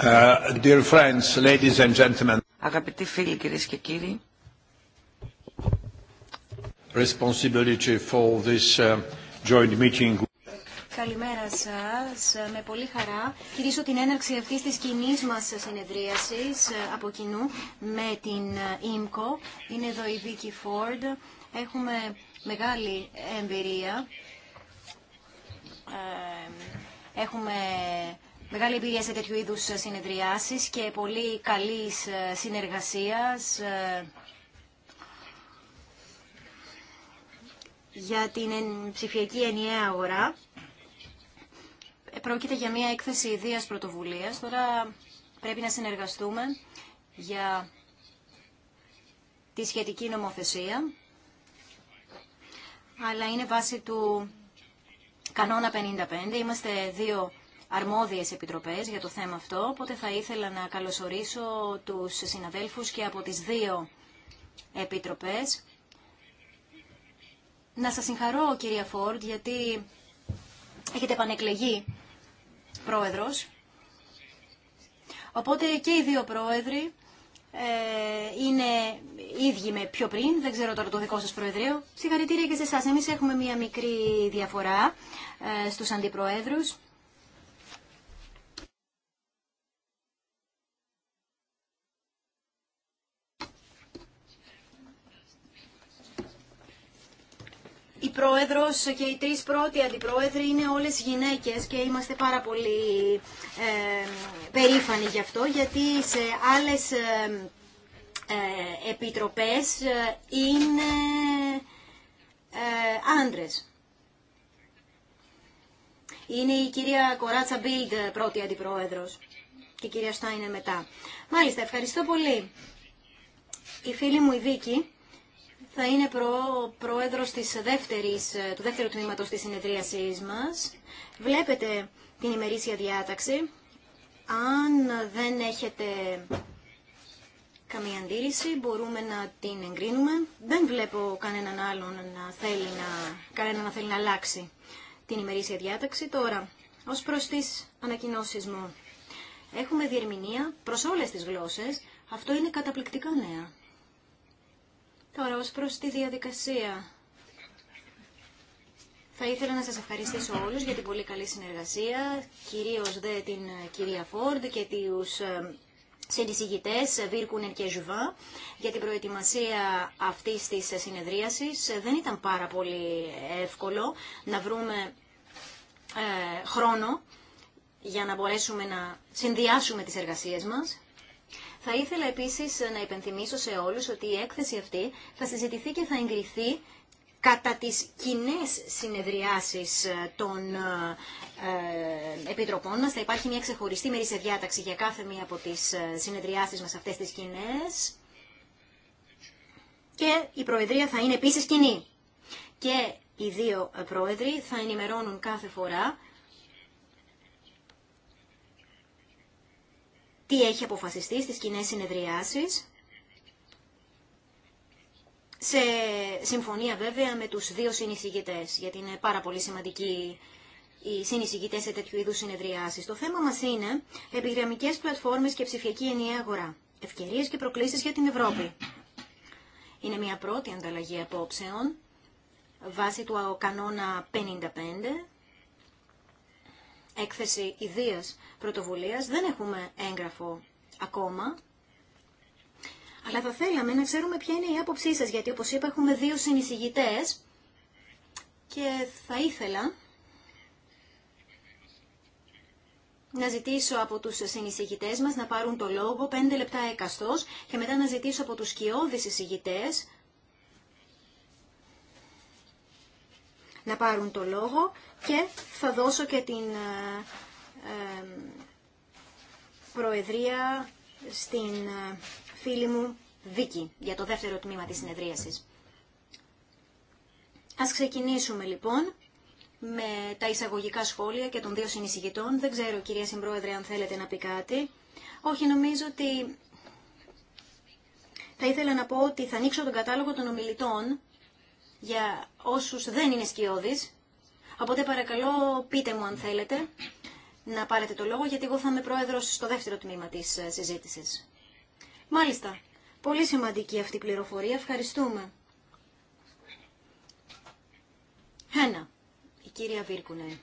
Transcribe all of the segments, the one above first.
Uh, dear friends, ladies and gentlemen. Αγαπητοί φίλοι, κυρίες και κύριοι. Responsibility for this uh, joint meeting. Καλημέρα σας. Με πολύ χαρά κυρίσω την έναρξη αυτής της κοινή μας συνεδρίασης ε, από κοινού με την ε, ΙΜΚΟ. Είναι εδώ η Βίκη Φόρντ. Έχουμε μεγάλη εμπειρία. Ε, έχουμε μεγάλη εμπειρία σε τέτοιου είδους ε, συνεδριάσεις και πολύ καλής ε, συνεργασίας ε, για την ψηφιακή ενιαία αγορά. Πρόκειται για μια έκθεση ιδίας πρωτοβουλίας. Τώρα πρέπει να συνεργαστούμε για τη σχετική νομοθεσία, αλλά είναι βάση του κανόνα 55. Είμαστε δύο αρμόδιες επιτροπές για το θέμα αυτό, οπότε θα ήθελα να καλωσορίσω τους συναδέλφους και από τις δύο επιτροπές. Να σας συγχαρώ, κυρία Φόρντ, γιατί έχετε επανεκλεγεί πρόεδρος. Οπότε και οι δύο πρόεδροι ε, είναι ίδιοι με πιο πριν, δεν ξέρω τώρα το δικό σας προεδρείο. Συγχαρητήρια και σε εσάς. Εμείς έχουμε μία μικρή διαφορά ε, στους αντιπροέδρους. η πρόεδρος και οι τρεις πρώτοι αντιπρόεδροι είναι όλες γυναίκες και είμαστε πάρα πολύ ε, περήφανοι γι' αυτό γιατί σε άλλες ε, ε επιτροπές ε, είναι ε, άντρες. Είναι η κυρία Κοράτσα Μπίλντ πρώτη αντιπρόεδρος και η κυρία Στάινερ μετά. Μάλιστα, ευχαριστώ πολύ. Η φίλη μου η Βίκη θα είναι προ, πρόεδρος της δεύτερης, ε, του δεύτερου τμήματος της συνεδρίασής μας. Βλέπετε την ημερήσια διάταξη. Αν δεν έχετε καμία αντίρρηση, μπορούμε να την εγκρίνουμε. Δεν βλέπω κανέναν άλλον να θέλει να, κανένα να θέλει να αλλάξει την ημερήσια διάταξη. Τώρα, ως προς τις ανακοινώσεις μου. Έχουμε διερμηνία προς όλες τις γλώσσες. Αυτό είναι καταπληκτικά νέα. Τώρα, ως προς τη διαδικασία. Θα ήθελα να σας ευχαριστήσω όλους για την πολύ καλή συνεργασία, κυρίως δε την ε, κυρία Φόρντ και τους ε, συνεισηγητές ε, Βίρκουνερ και Ζουβά για την προετοιμασία αυτής της συνεδρίασης. Δεν ήταν πάρα πολύ εύκολο να βρούμε χρόνο για να μπορέσουμε να συνδυάσουμε τις εργασίες μας. Θα ήθελα επίσης να υπενθυμίσω σε όλους ότι η έκθεση αυτή θα συζητηθεί και θα εγκριθεί κατά τις κοινέ συνεδριάσεις των ε, ε, επιτροπών μας. Θα υπάρχει μια ξεχωριστή μερίσια διάταξη για κάθε μία από τις ε, συνεδριάσεις μας αυτές τις κοινέ. Και η Προεδρία θα είναι επίσης κοινή. Και οι δύο Πρόεδροι θα ενημερώνουν κάθε φορά τι έχει αποφασιστεί στις κοινέ συνεδριάσεις. Σε συμφωνία βέβαια με τους δύο συνεισηγητές, γιατί είναι πάρα πολύ σημαντικοί οι συνεισηγητές σε τέτοιου είδους συνεδριάσεις. Το θέμα μας είναι επιγραμμικές πλατφόρμες και ψηφιακή ενιαία αγορά. Ευκαιρίες και προκλήσεις για την Ευρώπη. Είναι μια πρώτη ανταλλαγή απόψεων βάσει του κανόνα 55 έκθεση ιδίας πρωτοβουλίας. Δεν έχουμε έγγραφο ακόμα, αλλά θα θέλαμε να ξέρουμε ποια είναι η άποψή σας, γιατί όπως είπα έχουμε δύο συνεισηγητές και θα ήθελα να ζητήσω από τους συνεισηγητές μας να πάρουν το λόγο, πέντε λεπτά έκαστος, και μετά να ζητήσω από τους σκιώδεις εισηγητές να πάρουν το λόγο και θα δώσω και την ε, προεδρία στην ε, φίλη μου Δίκη για το δεύτερο τμήμα της συνεδρίασης. Ας ξεκινήσουμε λοιπόν με τα εισαγωγικά σχόλια και των δύο συνεισηγητών. Δεν ξέρω, κυρία Συμπρόεδρε, αν θέλετε να πει κάτι. Όχι, νομίζω ότι θα ήθελα να πω ότι θα ανοίξω τον κατάλογο των ομιλητών για όσους δεν είναι σκιώδεις. Οπότε παρακαλώ πείτε μου αν θέλετε να πάρετε το λόγο γιατί εγώ θα είμαι πρόεδρος στο δεύτερο τμήμα της ε, συζήτησης. Μάλιστα. Πολύ σημαντική αυτή η πληροφορία. Ευχαριστούμε. Ένα. Η κυρία Βίρκουνε.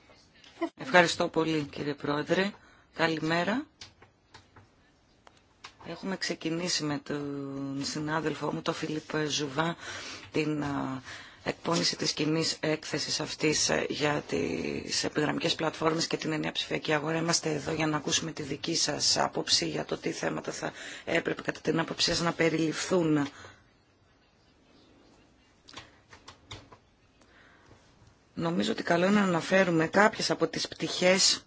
Ευχαριστώ πολύ κύριε Πρόεδρε. Καλημέρα. Έχουμε ξεκινήσει με τον συνάδελφό μου, τον Φιλίπ Ζουβά, την εκπόνηση της κοινή έκθεσης αυτής ε, για τις επιγραμμικές πλατφόρμες και την ενιαία ψηφιακή αγορά. Είμαστε εδώ για να ακούσουμε τη δική σας άποψη για το τι θέματα θα έπρεπε κατά την άποψή σας να περιληφθούν. Νομίζω ότι καλό είναι να αναφέρουμε κάποιες από τις πτυχές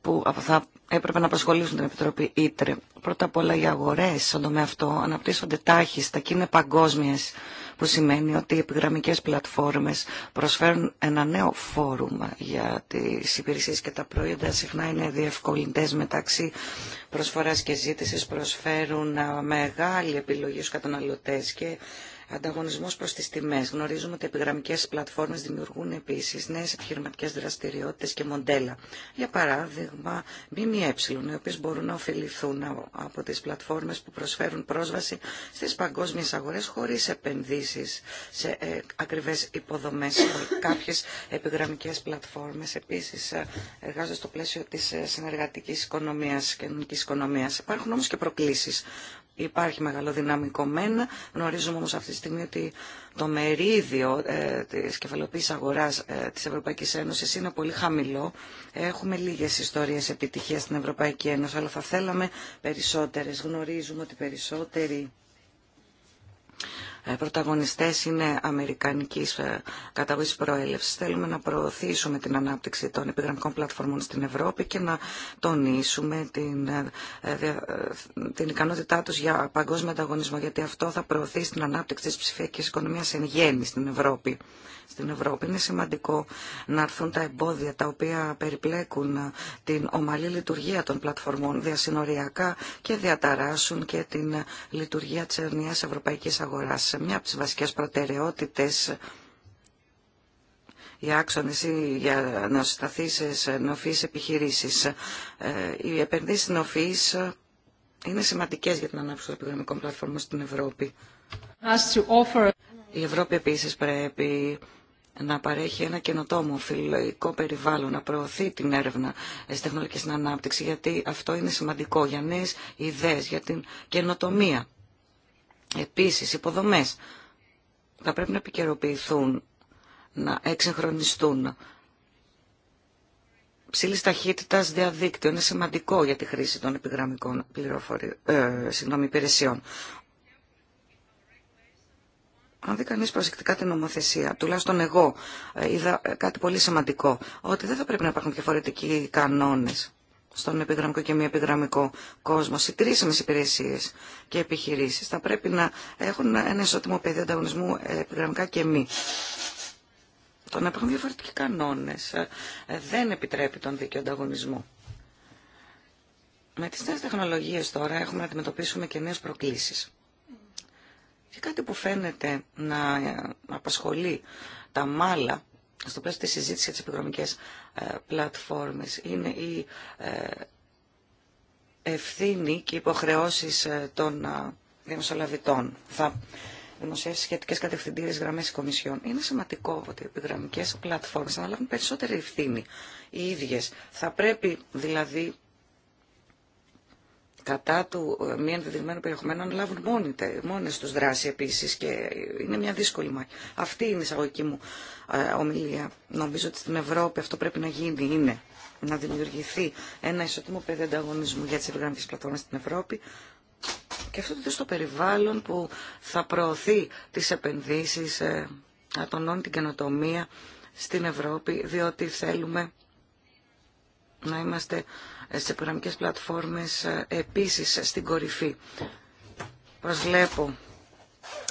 που θα έπρεπε να απασχολήσουν την Επιτροπή ίτρε. Πρώτα απ' όλα οι αγορές στον τομέα αυτό αναπτύσσονται τάχιστα και είναι παγκόσμιες που σημαίνει ότι οι επιγραμμικές πλατφόρμες προσφέρουν ένα νέο φόρουμ για τις υπηρεσίες και τα προϊόντα. Συχνά είναι διευκολυντές μεταξύ προσφοράς και ζήτησης, προσφέρουν ε, μεγάλη επιλογή στους καταναλωτές και Ανταγωνισμός προς τις τιμές. Γνωρίζουμε ότι επιγραμμικές πλατφόρμες δημιουργούν επίσης νέες επιχειρηματικές δραστηριότητες και μοντέλα. Για παράδειγμα, ΜΜΕ, οι οποίες μπορούν να ωφεληθούν από τις πλατφόρμες που προσφέρουν πρόσβαση στις παγκόσμιες αγορές χωρίς επενδύσεις σε ε, ακριβές υποδομές. Κάποιες επιγραμμικές πλατφόρμες επίσης ε, εργάζονται στο πλαίσιο της ε, συνεργατικής οικονομίας, και οικονομίας. Υπάρχουν όμω και προκλήσεις. Υπάρχει μεγάλο δυναμικό μένα, γνωρίζουμε όμως αυτή τη στιγμή ότι το μερίδιο ε, της κεφαλοποίησης αγοράς ε, της Ευρωπαϊκής Ένωσης είναι πολύ χαμηλό. Έχουμε λίγες ιστορίες επιτυχίας στην Ευρωπαϊκή Ένωση, αλλά θα θέλαμε περισσότερες. Γνωρίζουμε ότι περισσότεροι ε, πρωταγωνιστές είναι αμερικανικής ε, καταγωγής προέλευσης. Θέλουμε να προωθήσουμε την ανάπτυξη των επιγραμμικών πλατφορμών στην Ευρώπη και να τονίσουμε την, ε, την ικανότητά τους για παγκόσμιο ανταγωνισμό, γιατί αυτό θα προωθήσει την ανάπτυξη της ψηφιακής οικονομίας εν γέννη στην Ευρώπη στην Ευρώπη. Είναι σημαντικό να έρθουν τα εμπόδια τα οποία περιπλέκουν ε, την ομαλή λειτουργία των πλατφορμών διασυνοριακά και διαταράσσουν και την ε, λειτουργία της ενιαίας ευρωπαϊκής αγοράς. Μια από τις βασικές προτεραιότητες οι ε, άξονες ή για να σταθεί σε επιχειρήσεις. Οι επενδύσεις νοφείς είναι σημαντικές για την ανάπτυξη των επιγραμμικών πλατφόρμων στην Ευρώπη. Η Ευρώπη επίσης πρέπει να παρέχει ένα καινοτόμο φιλολογικό περιβάλλον, να προωθεί την έρευνα στι τεχνολογική στην ανάπτυξη, γιατί αυτό είναι σημαντικό για νέε ιδέες, για την καινοτομία. Επίσης, υποδομές θα πρέπει να επικαιροποιηθούν, να εξυγχρονιστούν. Ψήλης ταχύτητα διαδίκτυο είναι σημαντικό για τη χρήση των επιγραμμικών ε, υπηρεσιών. Αν δει κανεί προσεκτικά την νομοθεσία, τουλάχιστον εγώ ε, είδα ε, κάτι πολύ σημαντικό, ότι δεν θα πρέπει να υπάρχουν διαφορετικοί κανόνε στον επιγραμμικό και μη επιγραμμικό κόσμο. Οι κρίσιμε υπηρεσίε και επιχειρήσει θα πρέπει να έχουν ένα ισότιμο πεδίο ανταγωνισμού ε, επιγραμμικά και μη. Το να υπάρχουν διαφορετικοί κανόνε δεν επιτρέπει τον δίκαιο ανταγωνισμό. Με τις νέες τεχνολογίες τώρα έχουμε να αντιμετωπίσουμε και νέες προκλήσεις. Και κάτι που φαίνεται να απασχολεί τα μάλα στο πλαίσιο της συζήτησης για τις επιγραμμικές ε, πλατφόρμες είναι η ε, ευθύνη και οι υποχρεώσεις ε, των δημοσιολαβητών. Θα δημοσιεύσει σχετικέ κατευθυντήριε γραμμέ τη Κομισιόν. Είναι σημαντικό ότι οι επιγραμμικέ πλατφόρμε αναλάβουν περισσότερη ευθύνη οι ίδιε. Θα πρέπει δηλαδή κατά του ε, μη ενδεδειγμένου περιεχομένου να λάβουν μόνοι, δράση επίσης και είναι μια δύσκολη μάχη. Αυτή είναι η εισαγωγική μου ε, ομιλία. Νομίζω ότι στην Ευρώπη αυτό πρέπει να γίνει είναι να δημιουργηθεί ένα ισοτιμό πεδίο ανταγωνισμού για τις επιγραμμικές πλατφόρμες στην Ευρώπη και αυτό το στο περιβάλλον που θα προωθεί τις επενδύσεις, να ε, τονώνει την καινοτομία στην Ευρώπη, διότι θέλουμε να είμαστε στις επιγραμμικές πλατφόρμες ε, επίσης στην κορυφή. Προσβλέπω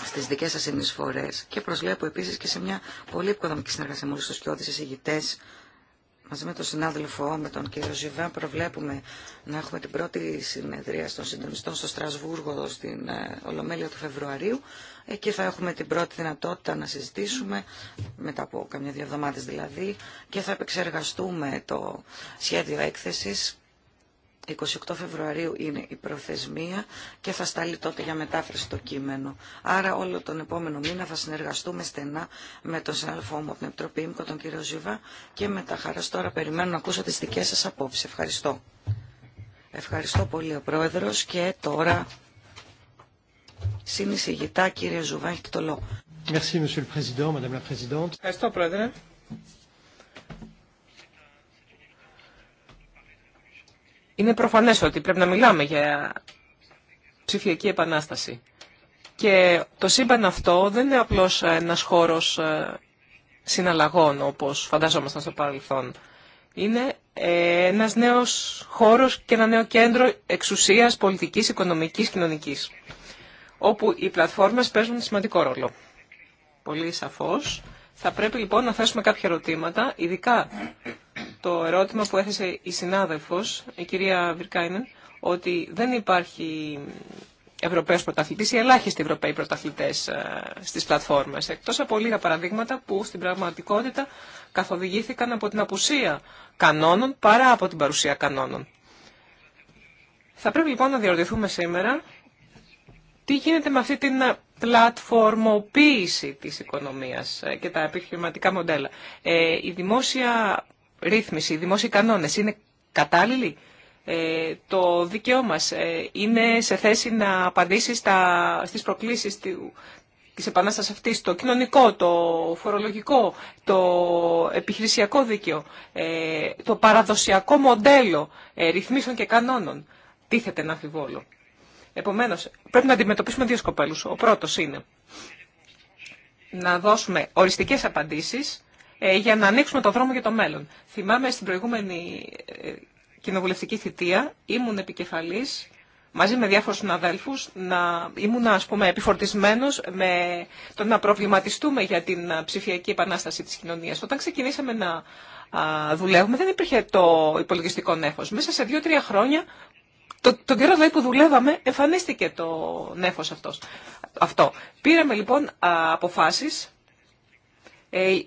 στις δικές σας συνεισφορές και προσβλέπω επίσης και σε μια πολύ οικοδομική συνεργασία με στους τους κοιόδης εισηγητές μαζί με τον συνάδελφο, με τον κύριο Ζιβάν, προβλέπουμε να έχουμε την πρώτη συνεδρία των συντονιστών στο Στρασβούργο στην ε, Ολομέλεια του Φεβρουαρίου. Εκεί θα έχουμε την πρώτη δυνατότητα να συζητήσουμε, μετά από καμιά δύο εβδομάδες δηλαδή, και θα επεξεργαστούμε το σχέδιο έκθεσης 28 Φεβρουαρίου είναι η προθεσμία και θα σταλεί τότε για μετάφραση το κείμενο. Άρα όλο τον επόμενο μήνα θα συνεργαστούμε στενά με τον συνάδελφό μου από την Επιτροπή τον κύριο Ζιβά και με τα χαρά τώρα περιμένω να ακούσω τις δικές σας απόψεις. Ευχαριστώ. Ευχαριστώ πολύ ο Πρόεδρος και τώρα συνεισηγητά κύριε Ζουβά έχει το λόγο. Ευχαριστώ Πρόεδρε. Είναι προφανές ότι πρέπει να μιλάμε για ψηφιακή επανάσταση. Και το σύμπαν αυτό δεν είναι απλώς ένας χώρος ε, συναλλαγών όπως φαντάζομασταν στο παρελθόν. Είναι ε, ένας νέος χώρος και ένα νέο κέντρο εξουσίας πολιτικής, οικονομικής, κοινωνικής όπου οι πλατφόρμες παίζουν σημαντικό ρόλο. Πολύ σαφώς. Θα πρέπει λοιπόν να θέσουμε κάποια ερωτήματα, ειδικά το ερώτημα που έθεσε η συνάδελφος, η κυρία Βυρκάινεν, ότι δεν υπάρχει Ευρωπαίος πρωταθλητής ή ελάχιστοι Ευρωπαίοι πρωταθλητές ε, στις πλατφόρμες, εκτός από λίγα παραδείγματα που στην πραγματικότητα καθοδηγήθηκαν από την απουσία κανόνων παρά από την παρουσία κανόνων. Θα πρέπει λοιπόν να διαρωτηθούμε σήμερα τι γίνεται με αυτή την πλατφορμοποίηση της οικονομίας ε, και τα επιχειρηματικά μοντέλα. Ε, η δημόσια ρύθμιση, οι δημόσιοι κανόνες είναι κατάλληλοι. Ε, το δίκαιό μας ε, είναι σε θέση να απαντήσει στα, στις προκλήσεις του, της επανάστασης αυτής, το κοινωνικό, το φορολογικό, το επιχειρησιακό δίκαιο, ε, το παραδοσιακό μοντέλο ρυθμίσεων και κανόνων τίθεται να αμφιβόλο. Επομένως, πρέπει να αντιμετωπίσουμε δύο σκοπέλους. Ο πρώτος είναι να δώσουμε οριστικές απαντήσεις ε, για να ανοίξουμε το δρόμο για το μέλλον. Θυμάμαι στην προηγούμενη ε, κοινοβουλευτική θητεία ήμουν επικεφαλής μαζί με διάφορους συναδέλφους να ήμουν ας πούμε επιφορτισμένος με το να προβληματιστούμε για την ψηφιακή επανάσταση της κοινωνίας. Όταν ξεκινήσαμε να δουλεύουμε δεν υπήρχε το υπολογιστικό νέφος. Μέσα σε δύο-τρία χρόνια το, τον καιρό δηλαδή που δουλεύαμε εμφανίστηκε το νέφος αυτός. αυτό. Πήραμε λοιπόν αποφάσεις ε,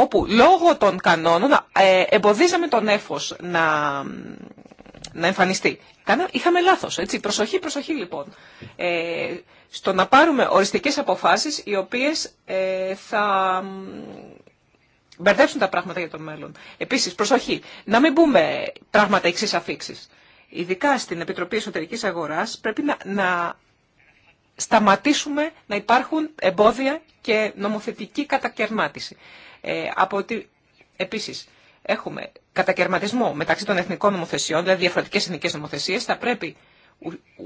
όπου λόγω των κανόνων ε, εμποδίζαμε τον έφος να, να εμφανιστεί. Είχαμε λάθος, έτσι. Προσοχή, προσοχή λοιπόν. Ε, στο να πάρουμε οριστικές αποφάσεις οι οποίες ε, θα μπερδέψουν τα πράγματα για το μέλλον. Επίσης, προσοχή, να μην μπούμε πράγματα εξής αφήξης. Ειδικά στην Επιτροπή Εσωτερικής Αγοράς πρέπει να, να σταματήσουμε να υπάρχουν εμπόδια και νομοθετική κατακαιρμάτιση. Ε, από ότι, επίσης, έχουμε κατακαιρματισμό μεταξύ των εθνικών νομοθεσιών, δηλαδή διαφορετικές εθνικές νομοθεσίες, θα πρέπει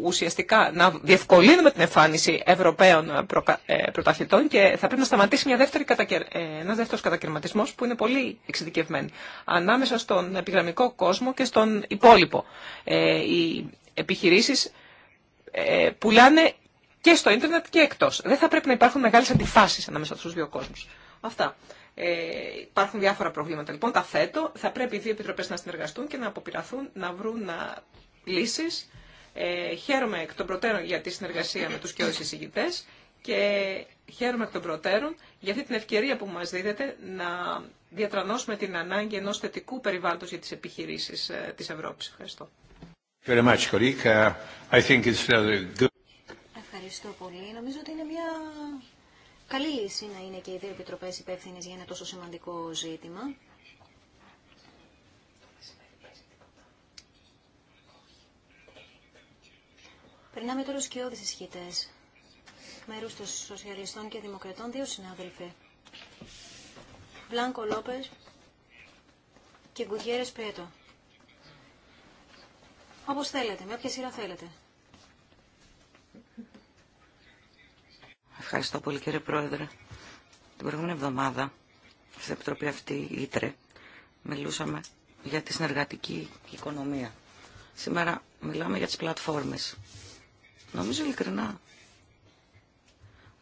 ουσιαστικά να διευκολύνουμε την εμφάνιση Ευρωπαίων ε, πρωταθλητών και θα πρέπει να σταματήσει μια δεύτερη κατακερ... Ε, ένας δεύτερος κατακαιρματισμός που είναι πολύ εξειδικευμένο ανάμεσα στον επιγραμμικό κόσμο και στον υπόλοιπο. Ε, οι επιχειρήσεις πουλάνε και στο ίντερνετ και εκτό. Δεν θα πρέπει να υπάρχουν μεγάλε αντιφάσει ανάμεσα στου δύο κόσμου. Αυτά. Ε, υπάρχουν διάφορα προβλήματα. Λοιπόν, τα θέτω. Θα πρέπει οι δύο επιτροπέ να συνεργαστούν και να αποπειραθούν να βρουν να... Ε, λύσεις. Ε, χαίρομαι εκ των προτέρων για τη συνεργασία με του και όλου και χαίρομαι εκ των προτέρων για αυτή την ευκαιρία που μα δίδεται να διατρανώσουμε την ανάγκη ενό θετικού περιβάλλοντος για τις επιχειρήσει ε, τη Ευρώπη. Ευχαριστώ. Very much, uh, Ευχαριστώ πολύ. Νομίζω ότι είναι μια καλή λύση να είναι και οι δύο επιτροπέ υπεύθυνε για ένα τόσο σημαντικό ζήτημα. Περνάμε τώρα στους ισχυτέ. Μέρου Μέρους των Σοσιαλιστών και Δημοκρατών, δύο συνάδελφοι. Βλάνκο Λόπε και Γκουγιέρες Πέτο. Όπω θέλετε, με όποια σειρά θέλετε. Ευχαριστώ πολύ κύριε Πρόεδρε. Την προηγούμενη εβδομάδα στην Επιτροπή αυτή, Ήτρε, μιλούσαμε για τη συνεργατική οικονομία. Σήμερα μιλάμε για τις πλατφόρμες. Νομίζω ειλικρινά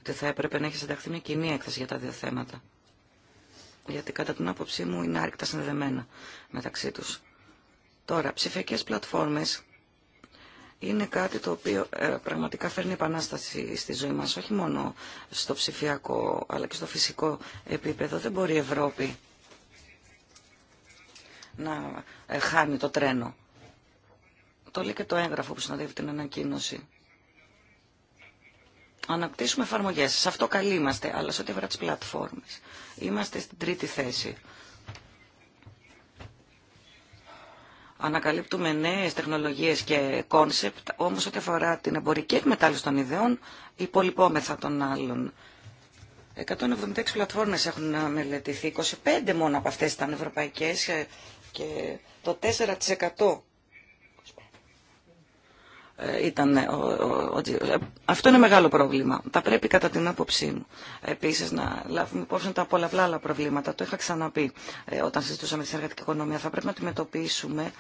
ότι θα έπρεπε να έχει συνταχθεί μια κοινή έκθεση για τα δύο θέματα. Γιατί κατά την άποψή μου είναι άρρηκτα συνδεδεμένα μεταξύ τους. Τώρα, ψηφιακές πλατφόρμες είναι κάτι το οποίο ε, πραγματικά φέρνει επανάσταση στη ζωή μας, όχι μόνο στο ψηφιακό αλλά και στο φυσικό επίπεδο. Δεν μπορεί η Ευρώπη να ε, χάνει το τρένο. Το λέει και το έγγραφο που συναντεύει την ανακοίνωση. Αναπτύσσουμε εφαρμογέ. Σε αυτό καλοί είμαστε, αλλά σε ό,τι αφορά τι Είμαστε στην τρίτη θέση. ανακαλύπτουμε νέες τεχνολογίες και κόνσεπτ, όμως ό,τι αφορά την εμπορική εκμετάλλευση των ιδεών, υπολοιπόμεθα των άλλων. 176 πλατφόρμες έχουν μελετηθεί, 25 μόνο από αυτές ήταν ευρωπαϊκές ε, και το 4% ήταν ε, ότι ε, αυτό είναι μεγάλο πρόβλημα. Θα πρέπει κατά την άποψή μου επίση να λάβουμε υπόψη τα πολλαπλά άλλα προβλήματα. Το είχα ξαναπεί ε, όταν συζητούσαμε τη συνεργατική οικονομία. Θα πρέπει να αντιμετωπίσουμε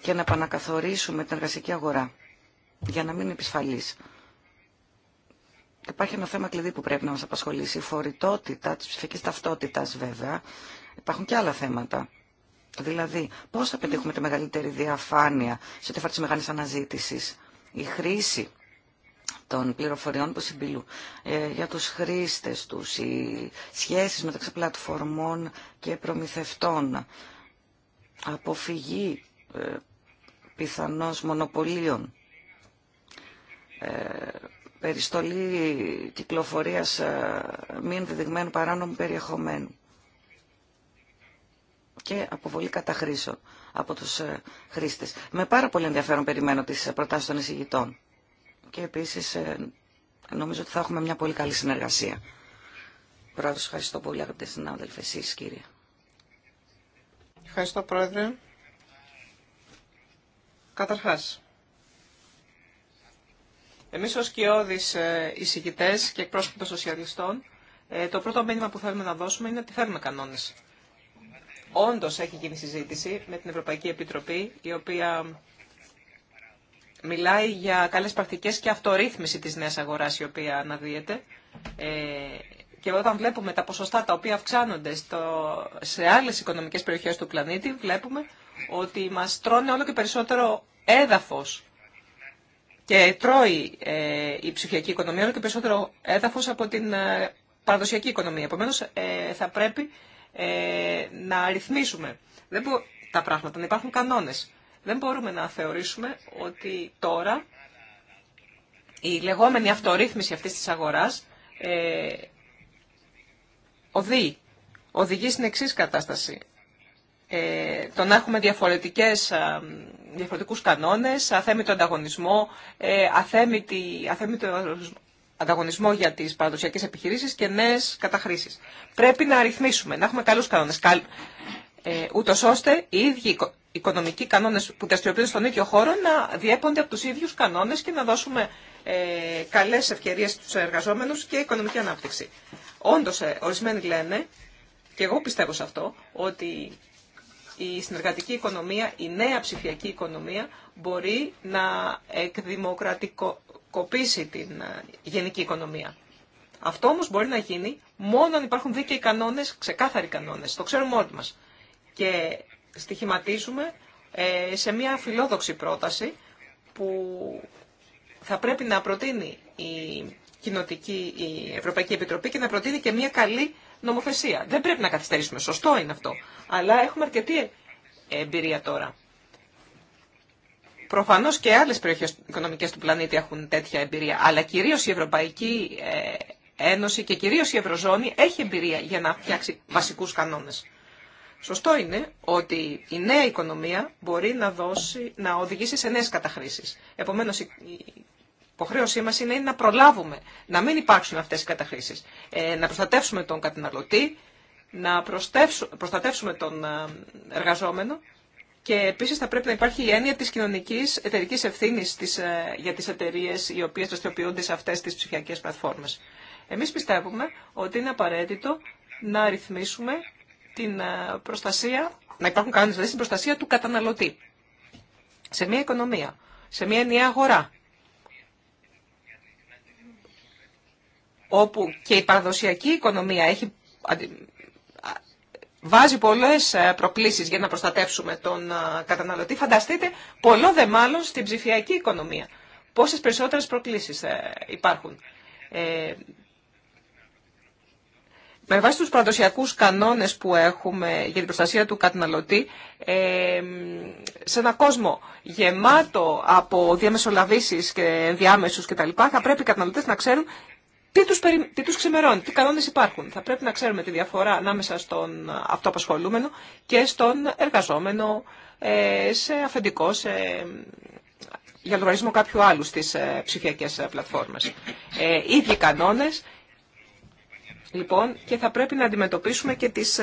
και να επανακαθορίσουμε την εργασιακή αγορά για να μην είναι επισφαλής. Υπάρχει ένα θέμα κλειδί που πρέπει να μας απασχολήσει, η φορητότητα της ψηφικής ταυτότητας βέβαια. Υπάρχουν και άλλα θέματα Δηλαδή, πώς θα πετύχουμε τη μεγαλύτερη διαφάνεια σε ό,τι αφορά τι μεγάλες Η χρήση των πληροφοριών που συμπηλούν ε, για τους χρήστες τους, οι σχέσεις μεταξύ πλατφορμών και προμηθευτών, αποφυγή ε, πιθανώς μονοπωλίων, ε, περιστολή κυκλοφορίας ε, μη ενδεδειγμένου παράνομου περιεχομένου και αποβολή καταχρήσεων από τους ε, χρήστες. Με πάρα πολύ ενδιαφέρον περιμένω τις ε, προτάσεις των εισηγητών. Και επίσης ε, νομίζω ότι θα έχουμε μια πολύ καλή συνεργασία. Πρόεδρος, ευχαριστώ πολύ αγαπητές συνάδελφες, εσείς κύριε. Ευχαριστώ πρόεδρε. Καταρχάς, εμείς ως κοιόδης εισηγητές και εκπρόσωποι των σοσιαλιστών, το πρώτο μήνυμα που θέλουμε να δώσουμε είναι ότι θέλουμε κανόνες. Όντως έχει γίνει συζήτηση με την Ευρωπαϊκή Επιτροπή, η οποία μιλάει για καλές πρακτικές και αυτορύθμιση της νέας αγοράς, η οποία αναδύεται. Ε, και όταν βλέπουμε τα ποσοστά τα οποία αυξάνονται στο, σε άλλες οικονομικές περιοχές του πλανήτη, βλέπουμε ότι μας τρώνε όλο και περισσότερο έδαφος και τρώει ε, η ψηφιακή οικονομία όλο και περισσότερο έδαφος από την ε, παραδοσιακή οικονομία. Επομένως, θα πρέπει ε, να ρυθμίσουμε δεν τα πράγματα, να υπάρχουν κανόνες. Δεν μπορούμε να θεωρήσουμε ότι τώρα η λεγόμενη αυτορύθμιση αυτής της αγοράς ε, οδηγεί στην εξή κατάσταση. Ε, το να έχουμε διαφορετικές, διαφορετικούς κανόνες, αθέμητο ανταγωνισμό, ε, αθέμητο ανταγωνισμό για τι παραδοσιακέ επιχειρήσει και νέε καταχρήσει. Πρέπει να ρυθμίσουμε, να έχουμε καλούς κανόνε, καλ... ε, ούτως ώστε οι ίδιοι οικονομικοί κανόνε που δραστηριοποιούν στον ίδιο χώρο να διέπονται από του ίδιου κανόνε και να δώσουμε ε, καλές ευκαιρίες στους εργαζόμενους και οικονομική ανάπτυξη. Όντω, ε, ορισμένοι λένε, και εγώ πιστεύω σε αυτό, ότι η συνεργατική οικονομία, η νέα ψηφιακή οικονομία μπορεί να εκδημοκρατικο κοπήσει την ε, γενική οικονομία. Αυτό όμως μπορεί να γίνει μόνο αν υπάρχουν δίκαιοι κανόνες, ξεκάθαροι κανόνες. Το ξέρουμε όλοι μας. Και στοιχηματίζουμε ε, σε μια φιλόδοξη πρόταση που θα πρέπει να προτείνει η, κοινοτική, η Ευρωπαϊκή Επιτροπή και να προτείνει και μια καλή νομοθεσία. Δεν πρέπει να καθυστερήσουμε. Σωστό είναι αυτό. Αλλά έχουμε αρκετή εμπειρία τώρα. Προφανώς και άλλες περιοχές οικονομικές του πλανήτη έχουν τέτοια εμπειρία, αλλά κυρίως η Ευρωπαϊκή ε, Ένωση και κυρίως η Ευρωζώνη έχει εμπειρία για να φτιάξει βασικούς κανόνες. Σωστό είναι ότι η νέα οικονομία μπορεί να, δώσει, να οδηγήσει σε νέες καταχρήσει. Επομένως, η υποχρέωσή μας είναι να προλάβουμε, να μην υπάρξουν αυτέ οι καταχρήσεις, ε, να προστατεύσουμε τον καταναλωτή, να προστατεύσουμε τον ε, εργαζόμενο και επίσης θα πρέπει να υπάρχει η έννοια της κοινωνικής εταιρικής ευθύνης ε, για τις εταιρείε οι οποίες δραστηριοποιούνται σε αυτές τι ψηφιακέ πλατφόρμες. Εμείς πιστεύουμε ότι είναι απαραίτητο να ρυθμίσουμε την ε, προστασία, να υπάρχουν κανόνε δηλαδή στην προστασία του καταναλωτή. Σε μια οικονομία, σε μια ενιαία αγορά, όπου και η παραδοσιακή οικονομία έχει βάζει πολλές ε, προκλήσεις για να προστατεύσουμε τον ε, καταναλωτή. Φανταστείτε, πολλό δε μάλλον στην ψηφιακή οικονομία. Πόσες περισσότερες προκλήσεις ε, υπάρχουν. Ε, με βάση τους παραδοσιακού κανόνες που έχουμε για την προστασία του καταναλωτή, ε, σε ένα κόσμο γεμάτο από διαμεσολαβήσεις και διάμεσους κτλ, θα πρέπει οι καταναλωτές να ξέρουν τι τους, περι... τι τους ξημερώνει, τι κανόνες υπάρχουν. Θα πρέπει να ξέρουμε τη διαφορά ανάμεσα στον αυτοαπασχολούμενο και στον εργαζόμενο, ε, σε αφεντικό, σε... για λογαριασμό κάποιου άλλου στις ε, ψηφιακές ε, πλατφόρμες. Ε, ίδιοι κανόνες, λοιπόν, και θα πρέπει να αντιμετωπίσουμε και τις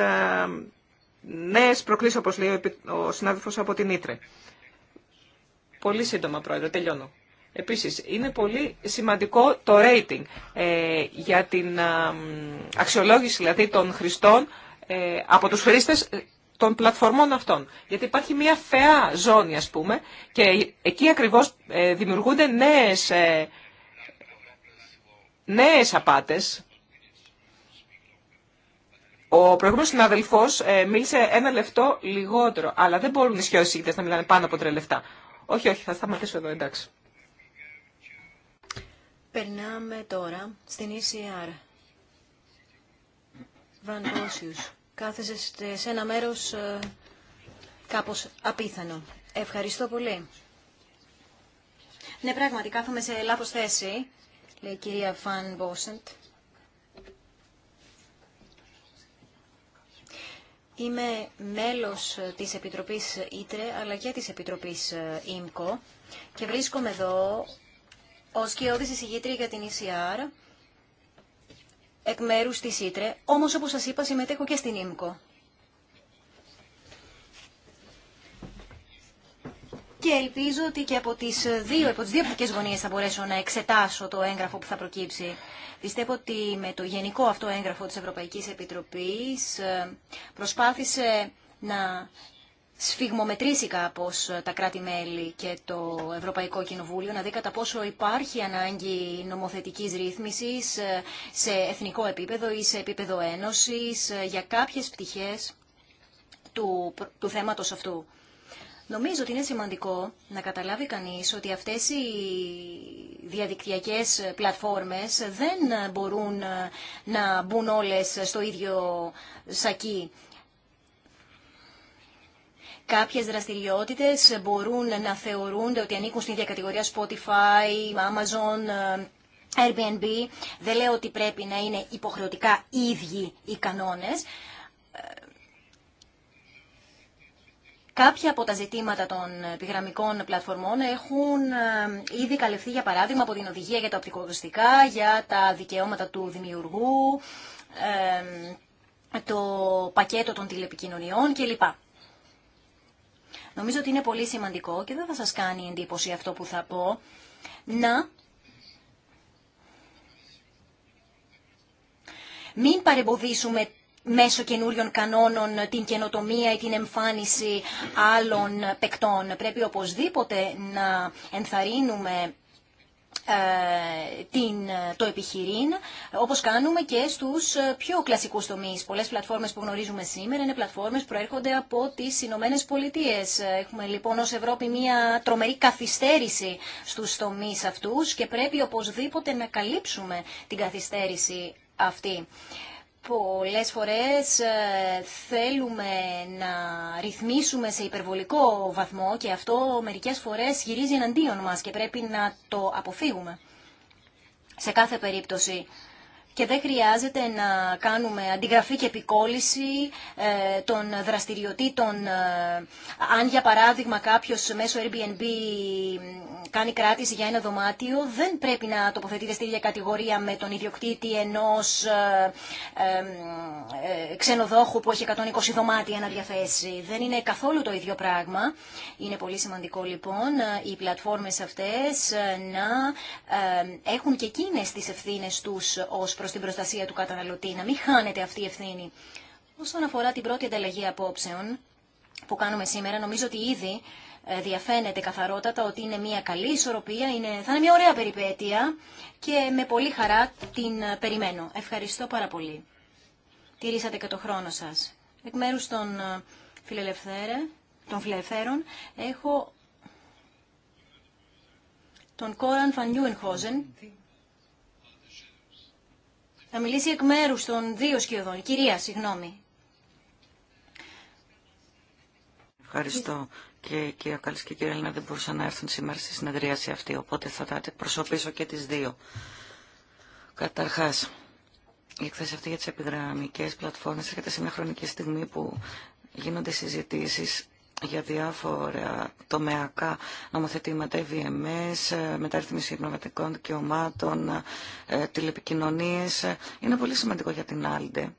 νέες προκλήσεις, όπως λέει ο συνάδελφος από την Ήτρε. Πολύ σύντομα, Πρόεδρε, τελειώνω. Επίσης, είναι πολύ σημαντικό το rating ε, για την ε, αξιολόγηση δηλαδή, των χρηστών ε, από τους χρήστες ε, των πλατφορμών αυτών. Γιατί υπάρχει μια φαιά ζώνη, ας πούμε, και εκεί ακριβώς δημιουργούνται νέες, νέες απάτες. Ο προηγούμενος συναδελφός μίλησε ένα λεπτό λιγότερο, αλλά δεν μπορούν οι σχεδόν να μιλάνε πάνω από τρία λεφτά. Όχι, όχι, θα σταματήσω εδώ, εντάξει. Περνάμε τώρα στην ECR. Βαν Βόσιους, Κάθεσαι σε ένα μέρος ε, κάπως απίθανο. Ευχαριστώ πολύ. Ναι, πράγματι, κάθομαι σε λάθος θέση, λέει η κυρία Φαν Μπόσεντ. Είμαι μέλος της Επιτροπής Ήτρε αλλά και της Επιτροπής ΙΜΚΟ ε, και βρίσκομαι εδώ ο κοιόδηση εισηγήτρια για την ECR εκ μέρου τη ΣΥΤΡΕ, όμω όπω σα είπα συμμετέχω και στην ΙΜΚΟ. Και ελπίζω ότι και από τις δύο, από τις δύο γωνίες θα μπορέσω να εξετάσω το έγγραφο που θα προκύψει. Πιστεύω ότι με το γενικό αυτό έγγραφο της Ευρωπαϊκής Επιτροπής ε, προσπάθησε να σφιγμομετρήσει από τα κράτη-μέλη και το Ευρωπαϊκό Κοινοβούλιο, να δει κατά πόσο υπάρχει ανάγκη νομοθετικής ρύθμισης ε, σε εθνικό επίπεδο ή σε επίπεδο ένωσης ε, για κάποιες πτυχές του, του θέματος αυτού. Νομίζω ότι είναι σημαντικό να καταλάβει κανείς ότι αυτές οι διαδικτυακές πλατφόρμες δεν μπορούν ε, να μπουν όλες στο ίδιο σακί. Κάποιες δραστηριότητες μπορούν να θεωρούνται ότι ανήκουν στην ίδια κατηγορία Spotify, Amazon, ε, Airbnb. Δεν λέω ότι πρέπει να είναι υποχρεωτικά ίδιοι οι κανόνες. Κάποια από τα ζητήματα των επιγραμμικών πλατφορμών έχουν ε, ήδη καλυφθεί, για παράδειγμα, από την οδηγία για τα οπτικοδοστικά, για τα δικαιώματα του δημιουργού, ε, το πακέτο των τηλεπικοινωνιών κλπ. Νομίζω ότι είναι πολύ σημαντικό και δεν θα σας κάνει εντύπωση αυτό που θα πω, να μην παρεμποδίσουμε μέσω καινούριων κανόνων την καινοτομία ή την εμφάνιση άλλων παικτών. Πρέπει οπωσδήποτε να ενθαρρύνουμε ε, την, το επιχειρήν, όπως κάνουμε και στους ε, πιο κλασικούς τομείς. Πολλές πλατφόρμες που γνωρίζουμε σήμερα είναι πλατφόρμες που προέρχονται από τις Ηνωμένε Πολιτείε. Ε, έχουμε λοιπόν ως Ευρώπη μια τρομερή καθυστέρηση στους τομείς αυτούς και πρέπει οπωσδήποτε να καλύψουμε την καθυστέρηση αυτή. Πολλές φορές ε, θέλουμε να ρυθμίσουμε σε υπερβολικό βαθμό και αυτό μερικές φορές γυρίζει εναντίον μας και πρέπει να το αποφύγουμε. Σε κάθε περίπτωση και δεν χρειάζεται να κάνουμε αντιγραφή και επικόλυση ε, των δραστηριοτήτων. Ε, αν για παράδειγμα κάποιος μέσω Airbnb κάνει κράτηση για ένα δωμάτιο, δεν πρέπει να τοποθετείται στη ίδια κατηγορία με τον ιδιοκτήτη ενός ε, ξενοδόχου που έχει 120 δωμάτια να διαθέσει. Δεν είναι καθόλου το ίδιο πράγμα. Είναι πολύ σημαντικό λοιπόν οι πλατφόρμες αυτές να έχουν και εκείνες τις ευθύνες τους ως Προ την προστασία του καταναλωτή, να μην χάνεται αυτή η ευθύνη. Όσον αφορά την πρώτη ανταλλαγή απόψεων που κάνουμε σήμερα, νομίζω ότι ήδη ε, διαφαίνεται καθαρότατα ότι είναι μια καλή ισορροπία, είναι, θα είναι μια ωραία περιπέτεια και με πολύ χαρά την ε, περιμένω. Ευχαριστώ πάρα πολύ. Τηρήσατε και το χρόνο σας. Εκ μέρους των, ε, των φιλελευθέρων έχω τον Κόραν Φανιούενχόζεν. Θα μιλήσει εκ μέρους των δύο σκιωδών. κυρία, συγγνώμη. Ευχαριστώ. Και η κυρία Καλής και η κυρία Ελίνα δεν μπορούσαν να έρθουν σήμερα στη συνεδρίαση αυτή, οπότε θα τα προσωπήσω και τις δύο. Καταρχάς, η εκθέση αυτή για τις επιγραμμικές πλατφόρμες έρχεται σε μια χρονική στιγμή που γίνονται συζητήσεις για διάφορα τομεακά νομοθετήματα, EVMS, ε, μεταρρύθμιση πνευματικών δικαιωμάτων, ε, τηλεπικοινωνίες. Είναι πολύ σημαντικό για την Άλντε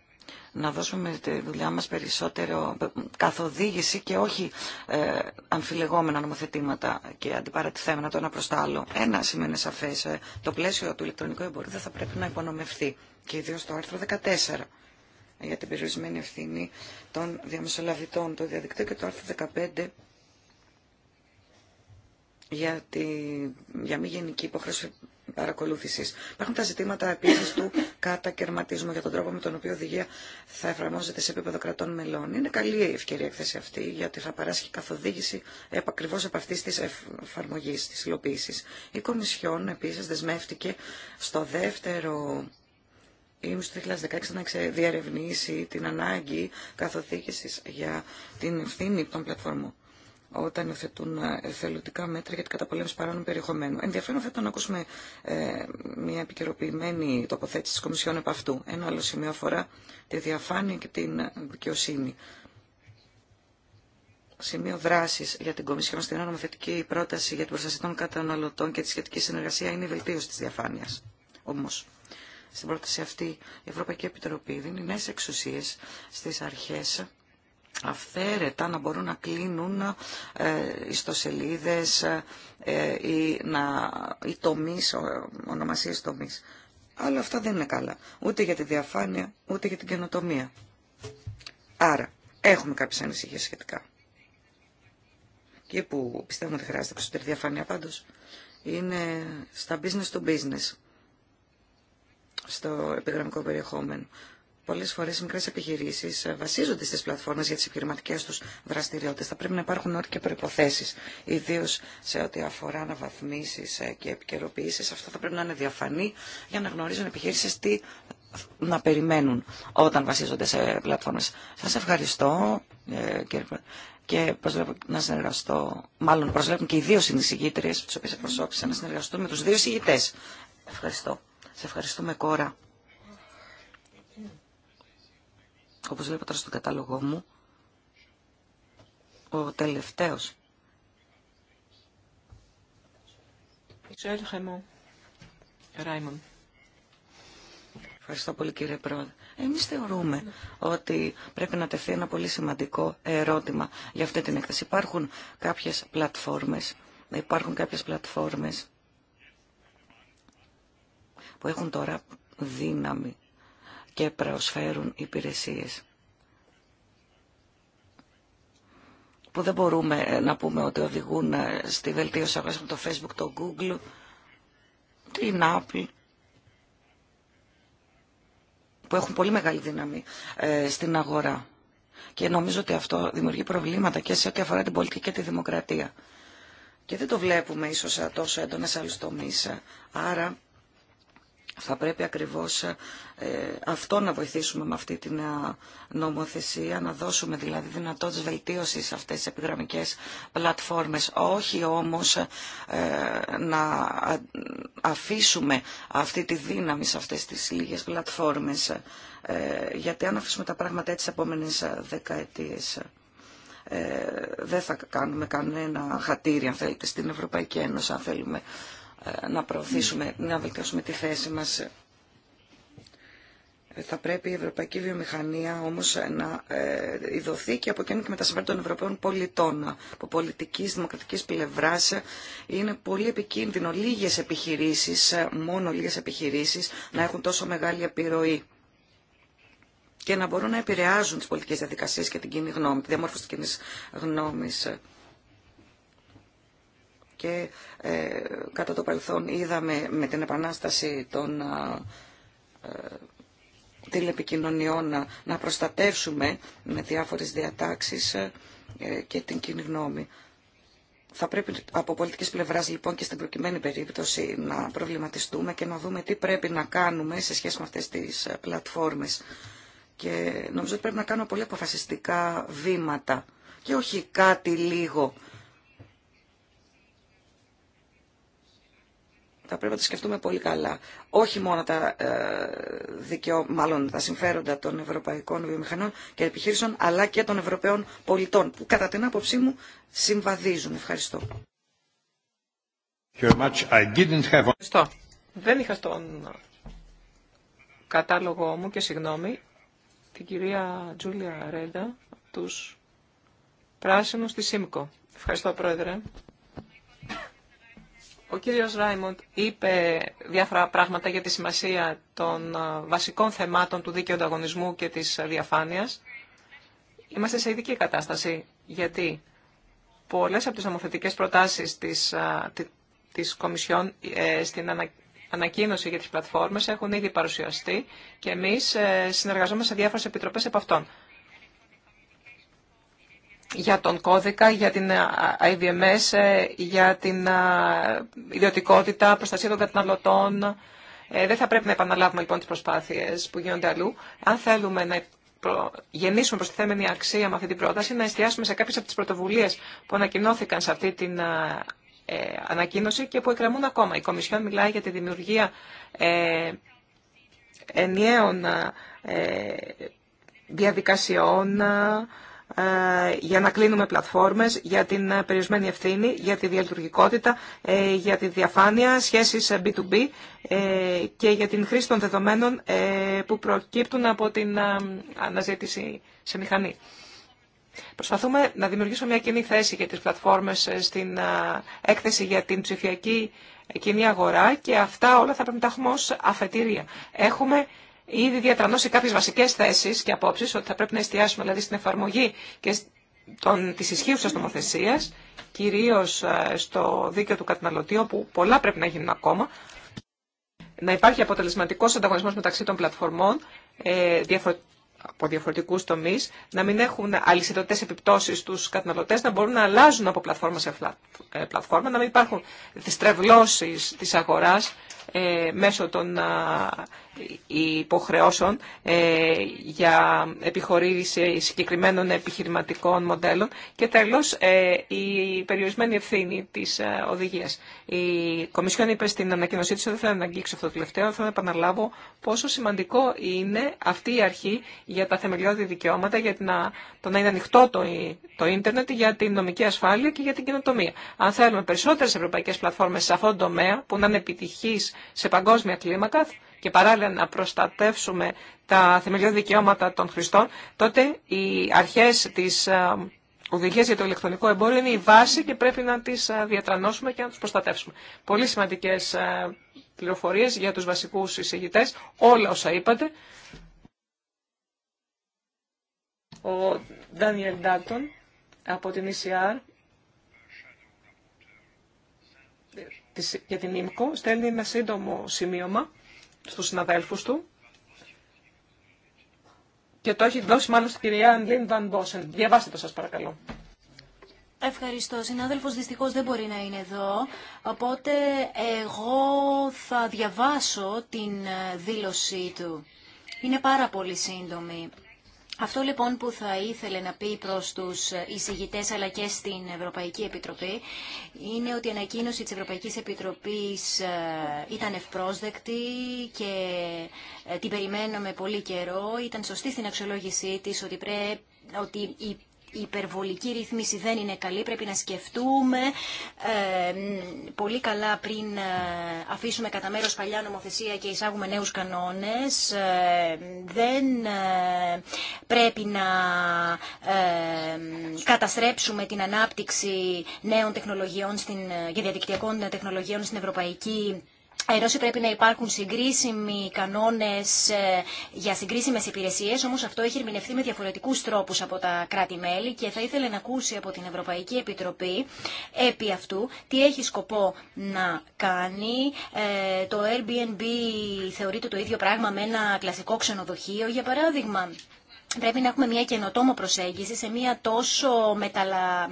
να δώσουμε τη δουλειά μας περισσότερο καθοδήγηση και όχι ε, αμφιλεγόμενα νομοθετήματα και αντιπαρατηθέμενα το ένα προς το άλλο. Ένα σημαίνει σαφές, ε, το πλαίσιο του ηλεκτρονικού εμπορίου δεν θα πρέπει να υπονομευθεί και ιδίως το άρθρο 14 για την περιορισμένη ευθύνη των διαμεσολαβητών, το διαδικτύο και το άρθρο 15 για, τη, για μη γενική υποχρέωση παρακολούθηση. Υπάρχουν τα ζητήματα επίση του κατακαιρματισμού για τον τρόπο με τον οποίο η οδηγία θα εφαρμόζεται σε επίπεδο κρατών μελών. Είναι καλή η ευκαιρία εκθέση αυτή, γιατί θα παράσχει καθοδήγηση ακριβώ από αυτή τη εφαρμογή, τη υλοποίηση. Η Κομισιόν επίση δεσμεύτηκε στο δεύτερο ήμιση του 2016 να διαρευνήσει την ανάγκη καθοδήγησης για την ευθύνη των πλατφόρμων όταν υιοθετούν ε, εθελοντικά μέτρα για την καταπολέμηση παράνομου περιεχομένου. Ενδιαφέρον θα ήταν να ακούσουμε ε, μια επικαιροποιημένη τοποθέτηση της Κομισιόν επ' αυτού. Ένα άλλο σημείο αφορά τη διαφάνεια και την δικαιοσύνη. Σημείο δράση για την Κομισιόν στην νομοθετική πρόταση για την προστασία των καταναλωτών και τη σχετική συνεργασία είναι η βελτίωση τη διαφάνεια. Όμω, στην πρόταση αυτή η Ευρωπαϊκή Επιτροπή δίνει νέες εξουσίες στις αρχές αυθαίρετα να μπορούν να κλείνουν ε, ιστοσελίδες ε, ε, ή, να, ή τομείς, ονομασίες τομείς. Αλλά αυτά δεν είναι καλά. Ούτε για τη διαφάνεια, ούτε για την καινοτομία. Άρα, έχουμε κάποιες ανησυχίες σχετικά. Και που πιστεύουμε ότι χρειάζεται τη διαφάνεια πάντως, είναι στα business to business στο επιγραμμικό περιεχόμενο. Πολλέ φορέ οι μικρέ επιχειρήσει ε, βασίζονται στι πλατφόρμες για τι επιχειρηματικέ του δραστηριότητε. Θα πρέπει να υπάρχουν ό,τι και προποθέσει, ιδίω σε ό,τι αφορά αναβαθμίσει ε, και επικαιροποιήσει. Αυτό θα πρέπει να είναι διαφανή για να γνωρίζουν οι επιχειρήσει τι να περιμένουν όταν βασίζονται σε πλατφόρμες. Σας ευχαριστώ ε, και προσβλέπω να συνεργαστώ, μάλλον προσβλέπουν και οι δύο συνεισηγήτριες, τις οποίες εκπροσώπησα, να συνεργαστούν με τους δύο συγητές. Ευχαριστώ. Σε ευχαριστούμε κόρα. Όπως βλέπω τώρα στον κατάλογό μου, ο τελευταίος. Ευχαριστώ πολύ κύριε Πρόεδρε. Εμείς θεωρούμε ότι πρέπει να τεθεί ένα πολύ σημαντικό ερώτημα για αυτή την έκθεση. Υπάρχουν κάποιες πλατφόρμες, υπάρχουν κάποιες πλατφόρμες που έχουν τώρα δύναμη και προσφέρουν υπηρεσίες. Που δεν μπορούμε ε, να πούμε ότι οδηγούν ε, στη βελτίωση αγοράς με το Facebook, το Google, την Apple, που έχουν πολύ μεγάλη δύναμη ε, στην αγορά. Και νομίζω ότι αυτό δημιουργεί προβλήματα και σε ό,τι αφορά την πολιτική και τη δημοκρατία. Και δεν το βλέπουμε ίσως τόσο έντονα σε άλλους τομείς. Άρα θα πρέπει ακριβώς ε, αυτό να βοηθήσουμε με αυτή την ε, νομοθεσία, να δώσουμε δηλαδή δυνατότητες βελτίωσης σε αυτές τις επιγραμμικές πλατφόρμες. Όχι όμως ε, να αφήσουμε αυτή τη δύναμη σε αυτές τις λίγες πλατφόρμες, γιατί αν αφήσουμε τα πράγματα έτσι τις επόμενες δεκαετίες... δεν θα κάνουμε κανένα χατήρι, αν θέλετε, στην Ευρωπαϊκή Ένωση, αν θέλουμε ε, να προωθήσουμε, να βελτιώσουμε τη θέση μας. Ε, θα πρέπει η ευρωπαϊκή βιομηχανία όμως να ειδωθεί και από κοινού και με τα συμφέροντα των Ευρωπαίων πολιτών. Από πολιτικής, δημοκρατικής πλευράς είναι πολύ επικίνδυνο λίγες επιχειρήσεις, μόνο λίγες επιχειρήσεις, να έχουν τόσο μεγάλη επιρροή και να μπορούν να επηρεάζουν τις πολιτικές διαδικασίες και την κοινή γνώμη, τη διαμόρφωση της κοινής γνώμης και ε, κατά το παρελθόν είδαμε με την επανάσταση των ε, ε τηλεπικοινωνιών να, προστατεύσουμε με διάφορες διατάξεις ε, και την κοινή γνώμη. Θα πρέπει από πολιτικής πλευράς λοιπόν και στην προκειμένη περίπτωση να προβληματιστούμε και να δούμε τι πρέπει να κάνουμε σε σχέση με αυτές τις πλατφόρμες. Και νομίζω ότι πρέπει να κάνουμε πολύ αποφασιστικά βήματα και όχι κάτι λίγο θα πρέπει να τα σκεφτούμε πολύ καλά. Όχι μόνο τα, ε, μάλλον τα συμφέροντα των ευρωπαϊκών βιομηχανών και επιχείρησεων, αλλά και των ευρωπαίων πολιτών, που κατά την άποψή μου συμβαδίζουν. Ευχαριστώ. Ευχαριστώ. Δεν είχα στον κατάλογο μου και συγγνώμη την κυρία Τζούλια Ρέντα, τους πράσινους της ΣΥΜΚΟ. Ευχαριστώ, Πρόεδρε. Ο κύριος Ράιμοντ είπε διάφορα πράγματα για τη σημασία των ε, βασικών θεμάτων του δίκαιου ανταγωνισμού και της ε, διαφάνειας. Είμαστε σε ειδική κατάσταση, γιατί πολλές από τις νομοθετικές προτάσεις της, ε, της Κομισιόν στην ανακοίνωση για τις πλατφόρμες έχουν ήδη παρουσιαστεί και εμείς συνεργαζόμαστε σε διάφορες επιτροπές από αυτών για τον κώδικα, για την ε, IDMS, ε, για την ε, ιδιωτικότητα, προστασία των καταναλωτών. Δεν θα πρέπει να επαναλάβουμε λοιπόν τις προσπάθειες που γίνονται αλλού. Αν θέλουμε να γεννήσουμε προστιθέμενη αξία με αυτή την πρόταση, να εστιάσουμε σε κάποιες από τις πρωτοβουλίες που ανακοινώθηκαν σε αυτή την ανακοίνωση και που εκκρεμούν ακόμα. Η Κομισιόν μιλάει για τη δημιουργία ενιαίων διαδικασιών, ε, για να κλείνουμε πλατφόρμες, για την ε, περιορισμένη ευθύνη, για τη διαλειτουργικότητα, ε, για τη διαφάνεια, σχέσεις B2B και για την χρήση των δεδομένων που προκύπτουν από την αναζήτηση σε μηχανή. Προσπαθούμε να δημιουργήσουμε μια κοινή θέση για τις πλατφόρμες στην έκθεση για την ψηφιακή κοινή αγορά και αυτά όλα θα πρέπει να τα έχουμε ως αφετηρία. Έχουμε ήδη διατρανώσει κάποιες βασικέ θέσει και απόψει ότι θα πρέπει να εστιάσουμε δηλαδή στην εφαρμογή και των, της νομοθεσία, κυρίω ε, στο δίκαιο του καταναλωτή, όπου πολλά πρέπει να γίνουν ακόμα, να υπάρχει αποτελεσματικό ανταγωνισμό μεταξύ των πλατφορμών, ε, από διαφορετικού τομεί, να μην έχουν αλυσιδωτέ επιπτώσει στου καταναλωτέ, να μπορούν να αλλάζουν από πλατφόρμα σε ε, πλατφόρμα, να μην υπάρχουν στρεβλώσει τη αγορά ε, μέσω των υποχρεώσεων ε, για επιχορήγηση συγκεκριμένων επιχειρηματικών μοντέλων και τέλος ε, η περιορισμένη ευθύνη της οδηγίας. Η Κομισιόν είπε στην ανακοίνωσή της, δεν θέλω να αγγίξω αυτό το τελευταίο, θέλω να επαναλάβω πόσο σημαντικό είναι αυτή η αρχή για τα θεμελιώδη δικαιώματα, για την, το να είναι ανοιχτό το, το ίντερνετ, για την νομική ασφάλεια και για την κοινοτομία. Αν θέλουμε περισσότερες ευρωπαϊκές πλατφόρμες σε αυτόν τον τομέα που να είναι επιτυχής σε παγκόσμια κλίμακα και παράλληλα να προστατεύσουμε τα θεμελιώδη δικαιώματα των χρηστών, τότε οι αρχές της οδηγίες για το ηλεκτρονικό εμπόριο είναι η βάση και πρέπει να τις διατρανώσουμε και να τους προστατεύσουμε. Πολύ σημαντικές πληροφορίες για τους βασικούς εισηγητές, όλα όσα είπατε. Ο Ντάνιελ Ντάλτον από την ECR για την ΙΜΚΟ στέλνει ένα σύντομο σημείωμα στους συναδέλφους του και το έχει δώσει μάλλον στην κυρία Αντλίν Βαν Μπόσεν. Διαβάστε το σας παρακαλώ. Ευχαριστώ. Συνάδελφος δυστυχώς δεν μπορεί να είναι εδώ, οπότε εγώ θα διαβάσω την ε, δήλωσή του. Είναι πάρα πολύ σύντομη. Αυτό λοιπόν που θα ήθελε να πει προς τους εισηγητές αλλά και στην Ευρωπαϊκή Επιτροπή είναι ότι η ανακοίνωση της Ευρωπαϊκής Επιτροπής ε, ήταν ευπρόσδεκτη και ε, την περιμένουμε πολύ καιρό. Ήταν σωστή στην αξιολόγησή της ότι πρέπει ότι η η υπερβολική ρύθμιση δεν είναι καλή. Πρέπει να σκεφτούμε ε, πολύ καλά πριν ε, αφήσουμε κατά μέρο παλιά νομοθεσία και εισάγουμε νέους κανόνες. Ε, δεν ε, πρέπει να καταστρέψουμε την ανάπτυξη νέων τεχνολογιών στην, και διαδικτυακών τεχνολογιών στην Ευρωπαϊκή Ενώση πρέπει να υπάρχουν συγκρίσιμοι κανόνε ε, για συγκρίσιμε υπηρεσίε, όμω αυτό έχει ερμηνευτεί με διαφορετικού τρόπου από τα κράτη-μέλη και θα ήθελε να ακούσει από την Ευρωπαϊκή Επιτροπή επί αυτού τι έχει σκοπό να κάνει. Ε, το Airbnb θεωρείται το ίδιο πράγμα με ένα κλασικό ξενοδοχείο, για παράδειγμα. Πρέπει να έχουμε μια καινοτόμο προσέγγιση σε μια τόσο μεταλα...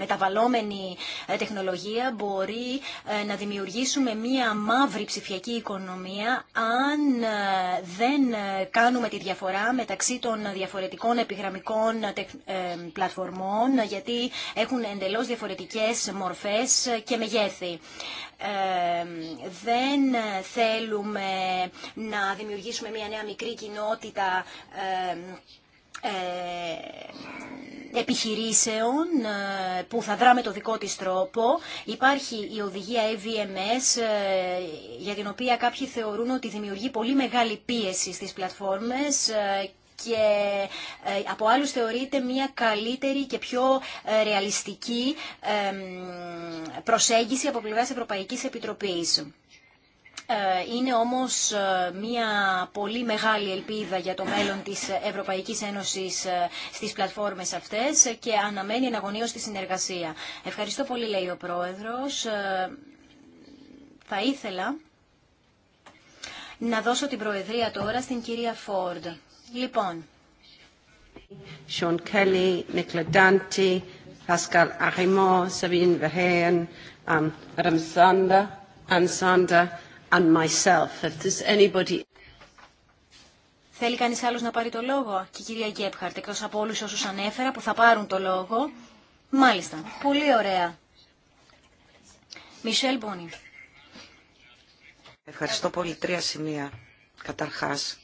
Ε, τεχνολογία. Μπορεί ε, να δημιουργήσουμε μια μαύρη ψηφιακή οικονομία αν ε, δεν κάνουμε τη διαφορά μεταξύ των διαφορετικών επιγραμμικών πλατφορμών γιατί έχουν εντελώς διαφορετικές μορφές και μεγέθη. Ε, δεν θέλουμε να δημιουργήσουμε μια νέα μικρή κοινότητα ε, επιχειρήσεων ε, που θα δράμε το δικό της τρόπο. Υπάρχει η οδηγία EVMS ε, για την οποία κάποιοι θεωρούν ότι δημιουργεί πολύ μεγάλη πίεση στις πλατφόρμες και από άλλους θεωρείται μια καλύτερη και πιο ρεαλιστική προσέγγιση από πλευράς Ευρωπαϊκής Επιτροπής. Ε, είναι όμως ε, μια πολύ μεγάλη ελπίδα για το μέλλον της Ευρωπαϊκής Ένωσης ε, στις πλατφόρμες αυτές και αναμένει εναγωνίως τη συνεργασία. Ευχαριστώ πολύ, λέει ο Πρόεδρος. Θα ήθελα να δώσω την Προεδρία τώρα στην κυρία Φόρντ. Λοιπόν. Sean Kelly, Nicola Dante, Pascal Arimont, Sabine Verheyen, um, Θέλει κανείς άλλος να πάρει το λόγο και η κυρία Γκέπχαρτ, εκτός από όλους όσους ανέφερα που θα πάρουν το λόγο. Μάλιστα. Πολύ ωραία. Μισελ Μπόνι. Ευχαριστώ πολύ. Τρία σημεία. Καταρχάς,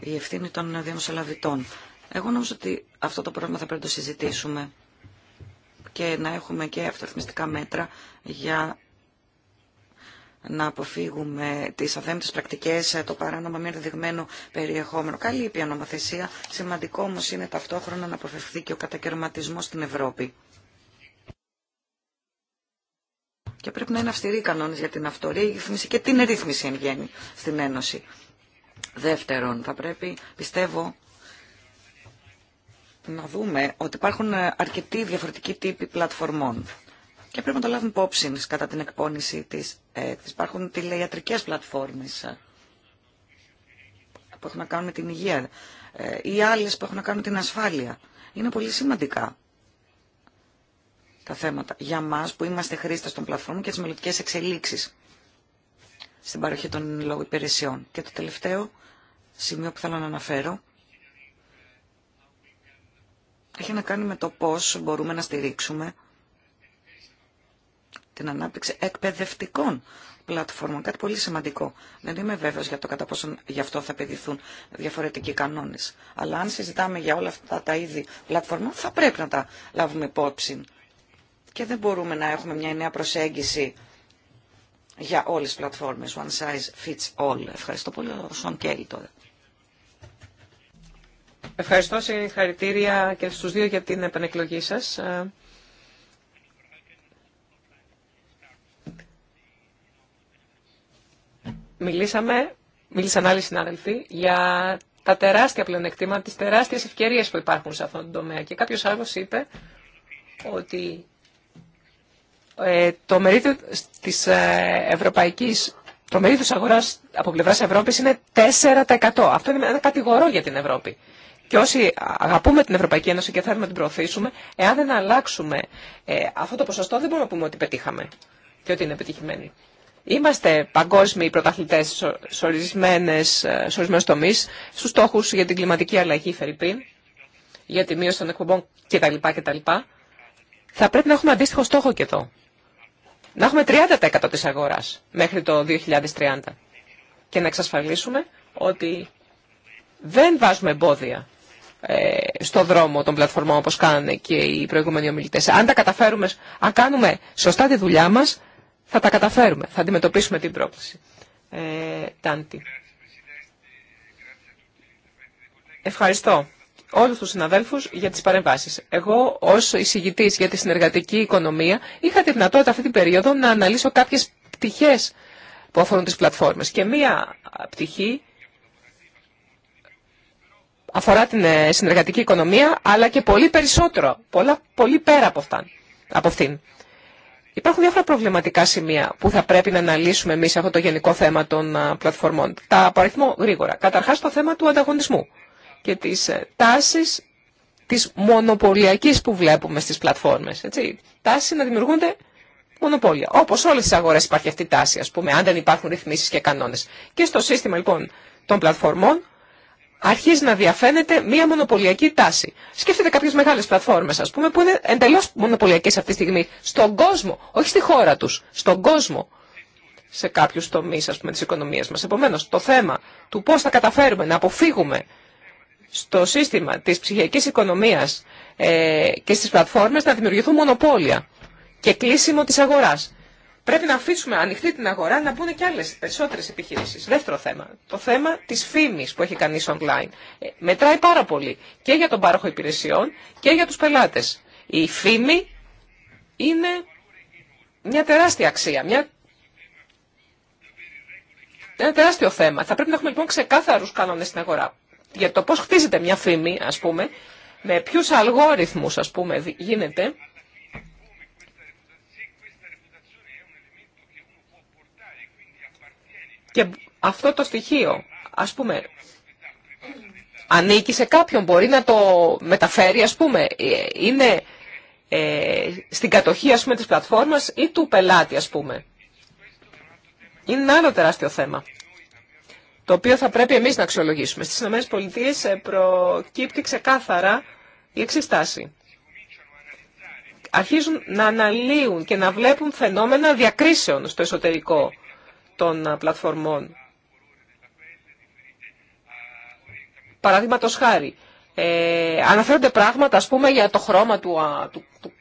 η ευθύνη των διαμεσολαβητών. Εγώ νομίζω ότι αυτό το πρόβλημα θα πρέπει να το συζητήσουμε και να έχουμε και αυτορυθμιστικά μέτρα για να αποφύγουμε τις αθέμητες πρακτικές, ε, το παράνομο μη ενδεδειγμένο περιεχόμενο. Καλή η νομοθεσία, σημαντικό όμω είναι ταυτόχρονα να αποφευθεί και ο κατακαιρματισμό στην Ευρώπη. Και πρέπει να είναι αυστηροί οι κανόνες για την αυτορύθμιση και την ρύθμιση εν γέννη στην Ένωση. Δεύτερον, θα πρέπει, πιστεύω, να δούμε ότι υπάρχουν ε, αρκετοί διαφορετικοί τύποι πλατφορμών και πρέπει να το λάβουμε υπόψη κατά την εκπόνηση της ε, Υπάρχουν τηλεϊατρικές πλατφόρμες ε, που έχουν να κάνουν με την υγεία ε, ή άλλε που έχουν να κάνουν με την ασφάλεια. Είναι πολύ σημαντικά τα θέματα για μας που είμαστε χρήστες των πλατφόρμων και τι μελλοντικέ εξελίξεις στην παροχή των λόγων υπηρεσιών. Και το τελευταίο σημείο που θέλω να αναφέρω έχει να κάνει με το πώς μπορούμε να στηρίξουμε την ανάπτυξη εκπαιδευτικών πλατφόρμων. Κάτι πολύ σημαντικό. Δεν είμαι βέβαιος για το κατά πόσο γι' αυτό θα παιδηθούν διαφορετικοί κανόνες. Αλλά αν συζητάμε για όλα αυτά τα είδη πλατφορμών θα πρέπει να τα λάβουμε υπόψη. Και δεν μπορούμε να έχουμε μια νέα προσέγγιση για όλες τις πλατφόρμες. One size fits all. Ευχαριστώ πολύ. Ο Σον Κέλλη τώρα. Ευχαριστώ συγχαρητήρια και στους δύο για την επανεκλογή σας. Μιλήσαμε, μίλησαν άλλοι συνάδελφοι, για τα τεράστια πλεονεκτήματα, τις τεράστιες ευκαιρίες που υπάρχουν σε αυτόν τον τομέα. Και κάποιος άλλος είπε ότι ε, το μερίδιο της ε, ευρωπαϊκής, το μερίδιο της αγοράς από πλευράς Ευρώπης είναι 4%. Αυτό είναι ένα κατηγορό για την Ευρώπη. Και όσοι αγαπούμε την Ευρωπαϊκή Ένωση και θέλουμε να την προωθήσουμε, εάν δεν αλλάξουμε ε, αυτό το ποσοστό δεν μπορούμε να πούμε ότι πετύχαμε και ότι είναι επιτυχημένοι. Είμαστε παγκόσμιοι πρωταθλητέ σε ορισμένου τομεί, στου στόχου για την κλιματική αλλαγή, Φερρυπίν, για τη μείωση των εκπομπών κτλ. κτλ. Θα πρέπει να έχουμε αντίστοιχο στόχο και εδώ. Να έχουμε 30% τη αγορά μέχρι το 2030 και να εξασφαλίσουμε ότι δεν βάζουμε εμπόδια ε, στο δρόμο των πλατφορμών όπως κάνανε και οι προηγούμενοι ομιλητές. Αν τα καταφέρουμε, αν κάνουμε σωστά τη δουλειά μας, θα τα καταφέρουμε, θα αντιμετωπίσουμε την πρόκληση. Ε, Τάντι. Ευχαριστώ όλους τους συναδέλφους για τις παρεμβάσεις. Εγώ ως εισηγητής για τη συνεργατική οικονομία είχα τη δυνατότητα αυτή την περίοδο να αναλύσω κάποιες πτυχές που αφορούν τις πλατφόρμες. Και μία πτυχή αφορά την ε, συνεργατική οικονομία, αλλά και πολύ περισσότερο, πολύ πέρα από, αυτά, από αυτήν. Υπάρχουν διάφορα προβληματικά σημεία που θα πρέπει να αναλύσουμε εμεί αυτό το γενικό θέμα των πλατφορμών. Τα απαριθμώ γρήγορα. Καταρχά το θέμα του ανταγωνισμού και τη ε, τάση τη μονοπωλιακή που βλέπουμε στι πλατφόρμε. Τάση να δημιουργούνται μονοπόλια. Όπω όλε τι αγορέ υπάρχει αυτή η τάση, α πούμε, αν δεν υπάρχουν ρυθμίσει και κανόνε. Και στο σύστημα λοιπόν των πλατφορμών αρχίζει να διαφαίνεται μία μονοπωλιακή τάση. Σκέφτεται κάποιε μεγάλε πλατφόρμε, α πούμε, που είναι εντελώ μονοπωλιακέ αυτή τη στιγμή στον κόσμο, όχι στη χώρα του, στον κόσμο σε κάποιου τομεί, α πούμε, τη οικονομία μα. Επομένω, το θέμα του πώ θα καταφέρουμε να αποφύγουμε στο σύστημα της ψυχιακή οικονομία ε, και στι πλατφόρμες να δημιουργηθούν μονοπόλια και κλείσιμο τη αγορά. Πρέπει να αφήσουμε ανοιχτή την αγορά να μπουν και άλλε περισσότερε επιχειρήσει. Δεύτερο θέμα. Το θέμα τη φήμη που έχει κανεί online. Ε, μετράει πάρα πολύ και για τον πάροχο υπηρεσιών και για του πελάτε. Η φήμη είναι μια τεράστια αξία, μια... ένα τεράστιο θέμα. Θα πρέπει να έχουμε λοιπόν ξεκάθαρου κανόνε στην αγορά. Για το πώ χτίζεται μια φήμη, α πούμε, με ποιου αλγόριθμου, α πούμε, γίνεται Και αυτό το στοιχείο, ας πούμε, ανήκει σε κάποιον, μπορεί να το μεταφέρει, ας πούμε, ε, είναι ε, στην κατοχή, ας πούμε, της πλατφόρμας ή του πελάτη, ας πούμε. Είναι ένα άλλο τεράστιο θέμα, το οποίο θα πρέπει εμείς να αξιολογήσουμε. Στις ΗΠΑ ε, προκύπτει ξεκάθαρα η εξιστάση. Αρχίζουν να αναλύουν και να βλέπουν φαινόμενα διακρίσεων στο εσωτερικό των πλατφορμών. Παραδείγματο χάρη, ε, αναφέρονται πράγματα, ας πούμε, για το χρώμα του, α, του, του,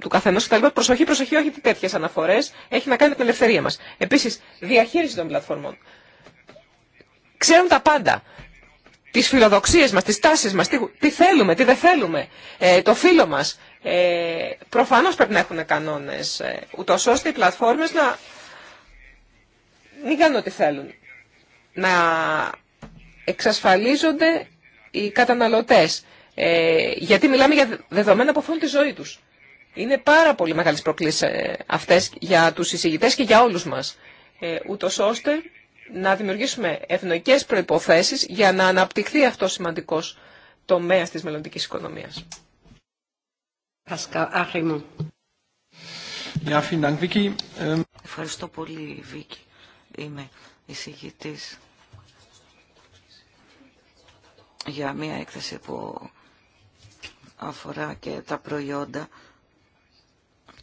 του καθενό Προσοχή, προσοχή, όχι τέτοιε αναφορέ. Έχει να κάνει με την ελευθερία μα. Επίση, διαχείριση των πλατφορμών. Ξέρουν τα πάντα. Τι φιλοδοξίε μα, τι τάσει μα, τι, θέλουμε, τι δεν θέλουμε. Ε, το φίλο μα. Ε, Προφανώ πρέπει να έχουν κανόνε, ε, ούτω ώστε οι πλατφόρμε να μην κάνουν ό,τι θέλουν. Να εξασφαλίζονται οι καταναλωτές. Ε, γιατί μιλάμε για δεδομένα που αφορούν τη ζωή τους. Είναι πάρα πολύ μεγάλες προκλήσεις ε, αυτές για τους εισηγητές και για όλους μας. Ε, ώστε να δημιουργήσουμε ευνοϊκές προϋποθέσεις για να αναπτυχθεί αυτός σημαντικός τομέας της μελλοντική οικονομίας. Ευχαριστώ πολύ, Βίκη είμαι εισηγητής για μια έκθεση που αφορά και τα προϊόντα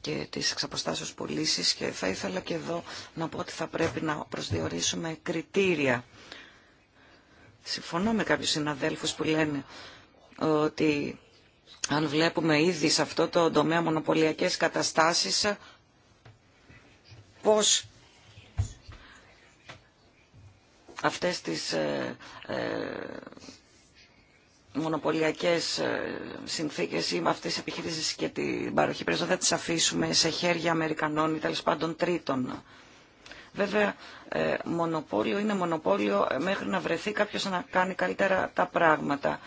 και τις εξαποστάσεις πωλήσει και θα ήθελα και εδώ να πω ότι θα πρέπει να προσδιορίσουμε κριτήρια. Συμφωνώ με κάποιους συναδέλφους που λένε ότι αν βλέπουμε ήδη σε αυτό το τομέα μονοπωλιακές καταστάσεις πώς αυτές τις ε, ε, μονοπωλιακές ε, συνθήκες ή με αυτές τις επιχειρήσεις και την παροχή πρέπει θα τις αφήσουμε σε χέρια Αμερικανών ή τέλο πάντων τρίτων. Βέβαια, μονοπόλιο είναι μονοπόλιο μέχρι να βρεθεί κάποιος να κάνει καλύτερα τα πράγματα.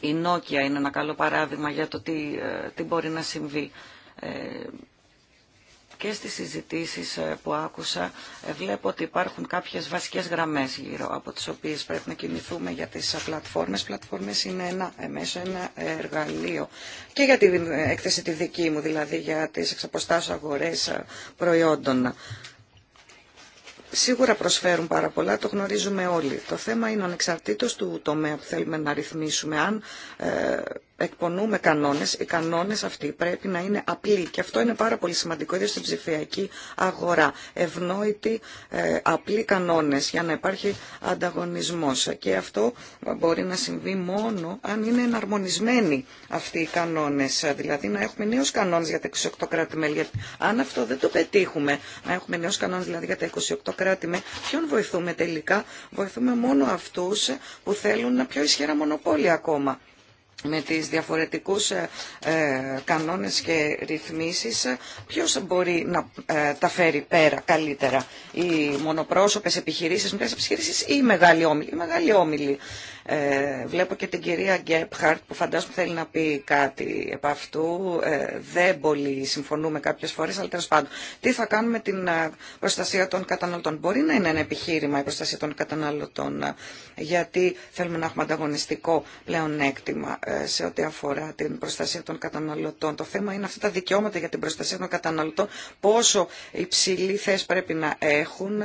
Η νοκια είναι ένα καλό παράδειγμα για το τι, τι μπορεί να συμβεί και στις συζητήσεις ε, που άκουσα ε, βλέπω ότι υπάρχουν κάποιες βασικές γραμμές γύρω από τις οποίες πρέπει να κινηθούμε για τις ε, πλατφόρμες. Πλατφόρμες είναι ένα ένα εργαλείο και για την έκθεση τη δική μου, δηλαδή για τις εξαποστάσεις αγορές προϊόντων. Σίγουρα προσφέρουν πάρα πολλά, το γνωρίζουμε όλοι. Το θέμα είναι ανεξαρτήτως του τομέα που θέλουμε να ρυθμίσουμε, αν εκπονούμε κανόνε, οι κανόνε αυτοί πρέπει να είναι απλοί και αυτό είναι πάρα πολύ σημαντικό ιδίω στην ψηφιακή αγορά. Ευνόητοι, ε, απλοί κανόνε για να υπάρχει ανταγωνισμό. και αυτό μπορεί να συμβεί μόνο αν είναι εναρμονισμένοι αυτοί οι κανόνε. δηλαδή να έχουμε νέου κανόνε για τα 28 κράτη-μέλη. Αν αυτό δεν το πετύχουμε, να έχουμε νέου κανόνε δηλαδή για τα 28 κράτη-μέλη, ποιον βοηθούμε τελικά, βοηθούμε μόνο αυτού που θέλουν πιο ισχυρά μονοπόλια ακόμα με τις διαφορετικούς ε, ε, κανόνες και ρυθμίσεις, ποιος μπορεί να ε, τα φέρει πέρα καλύτερα. Οι μονοπρόσωπες επιχειρήσεις, μικρές επιχειρήσεις ή οι μεγάλοι όμιλοι. Οι μεγάλοι όμιλοι ε, βλέπω και την κυρία Γκέπχαρτ που φαντάζομαι θέλει να πει κάτι επ' αυτού. Ε, δεν πολύ συμφωνούμε κάποιε φορέ, αλλά τέλο πάντων. Τι θα κάνουμε την ε, προστασία των καταναλωτών. Μπορεί να είναι ένα επιχείρημα η προστασία των καταναλωτών, ε, γιατί θέλουμε να έχουμε ανταγωνιστικό πλεονέκτημα σε ό,τι αφορά την προστασία των καταναλωτών. Το θέμα είναι αυτά τα δικαιώματα για την προστασία των καταναλωτών, πόσο υψηλή θέση πρέπει να έχουν,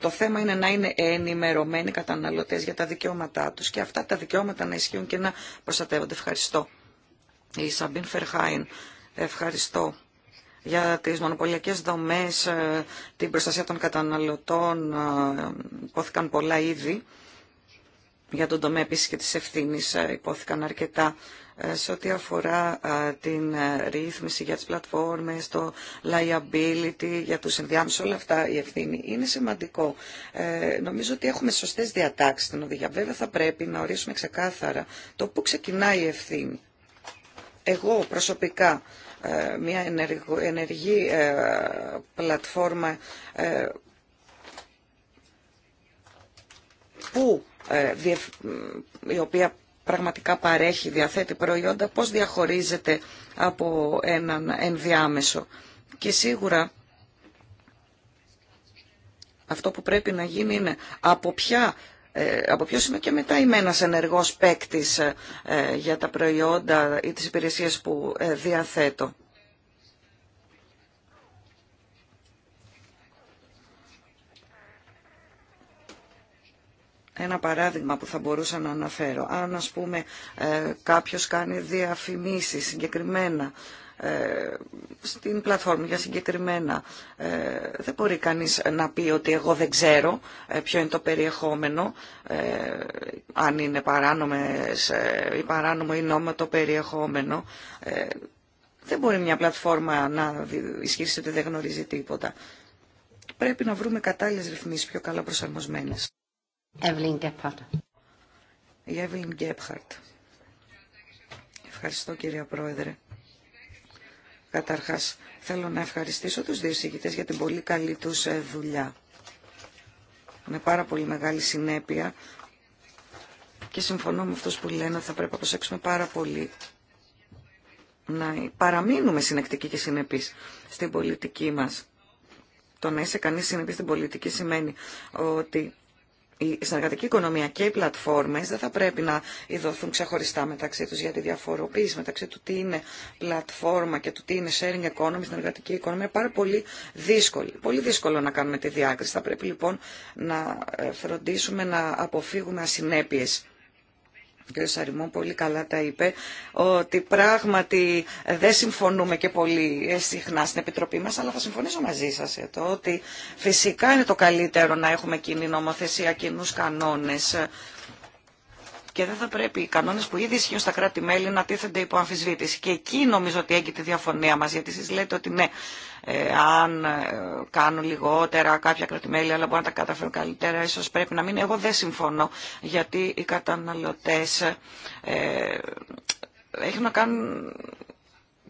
το θέμα είναι να είναι ενημερωμένοι οι καταναλωτές για τα δικαιώματά τους και αυτά τα δικαιώματα να ισχύουν και να προστατεύονται. Ευχαριστώ. Η Σαμπίν Φερχάιν, ευχαριστώ για τις μονοπωλιακές δομές, ε, την προστασία των καταναλωτών, ε, υπόθηκαν πολλά ήδη. Για τον τομέα επίσης και της ευθύνης ε, υπόθηκαν αρκετά σε ό,τι αφορά την ε, ρύθμιση για τις πλατφόρμες, το liability, για τους ενδιάμεσους, όλα αυτά η ευθύνη είναι σημαντικό. Ε, νομίζω ότι έχουμε σωστές διατάξεις στην οδηγία. Βέβαια θα πρέπει να ορίσουμε ξεκάθαρα το πού ξεκινάει η ευθύνη. Εγώ προσωπικά ε, μια ενεργή πλατφόρμα που η οποία πραγματικά παρέχει, διαθέτει προϊόντα, πώς διαχωρίζεται από έναν ενδιάμεσο. Και σίγουρα αυτό που πρέπει να γίνει είναι από ποια ε, από ποιο είμαι και μετά είμαι ένας ενεργός παίκτη ε, για τα προϊόντα ή τις υπηρεσίες που ε, διαθέτω. Ένα παράδειγμα που θα μπορούσα να αναφέρω. Αν, ας πούμε, ε, κάποιος κάνει διαφημίσεις συγκεκριμένα ε, στην πλατφόρμα για συγκεκριμένα. Ε, δεν μπορεί κανείς να πει ότι εγώ δεν ξέρω ποιο είναι το περιεχόμενο, αν είναι παράνομες, ή παράνομο ή νόμο το περιεχόμενο. δεν μπορεί μια πλατφόρμα να ισχύσει ότι δεν γνωρίζει τίποτα. Πρέπει να βρούμε κατάλληλες ρυθμίσεις πιο καλά προσαρμοσμένες. Γκέπχαρτ. Η Γκέπχαρτ. Ευχαριστώ κυρία Πρόεδρε. Καταρχάς θέλω να ευχαριστήσω τους δύο για την πολύ καλή τους ε, δουλειά. Με πάρα πολύ μεγάλη συνέπεια και συμφωνώ με αυτούς που λένε ότι θα πρέπει να προσέξουμε πάρα πολύ να παραμείνουμε συνεκτικοί και συνεπείς στην πολιτική μας. Το να είσαι κανείς συνεπής στην πολιτική σημαίνει ότι η συνεργατική οικονομία και οι πλατφόρμες δεν θα πρέπει να ειδωθούν ξεχωριστά μεταξύ τους για τη διαφοροποίηση μεταξύ του τι είναι πλατφόρμα και του τι είναι sharing economy, συνεργατική οικονομία είναι πάρα πολύ δύσκολη. Πολύ δύσκολο να κάνουμε τη διάκριση. Θα πρέπει λοιπόν να ε, φροντίσουμε να αποφύγουμε ασυνέπειες κ. Σαριμών πολύ καλά τα είπε, ότι πράγματι δεν συμφωνούμε και πολύ συχνά στην Επιτροπή μας, αλλά θα συμφωνήσω μαζί σας εδώ, ότι φυσικά είναι το καλύτερο να έχουμε κοινή νομοθεσία, κοινού κανόνες και δεν θα πρέπει οι κανόνες που ήδη ισχύουν στα κράτη-μέλη να τίθενται υπό αμφισβήτηση. Και εκεί νομίζω ότι έγκυται τη διαφωνία μας, γιατί εσεί λέτε ότι ναι, ε, αν ε, κάνουν λιγότερα κάποια κράτη-μέλη, αλλά μπορούν να τα καταφέρουν καλύτερα, ίσως πρέπει να μην. Εγώ δεν συμφωνώ, γιατί οι καταναλωτές ε, έχουν να κάνουν...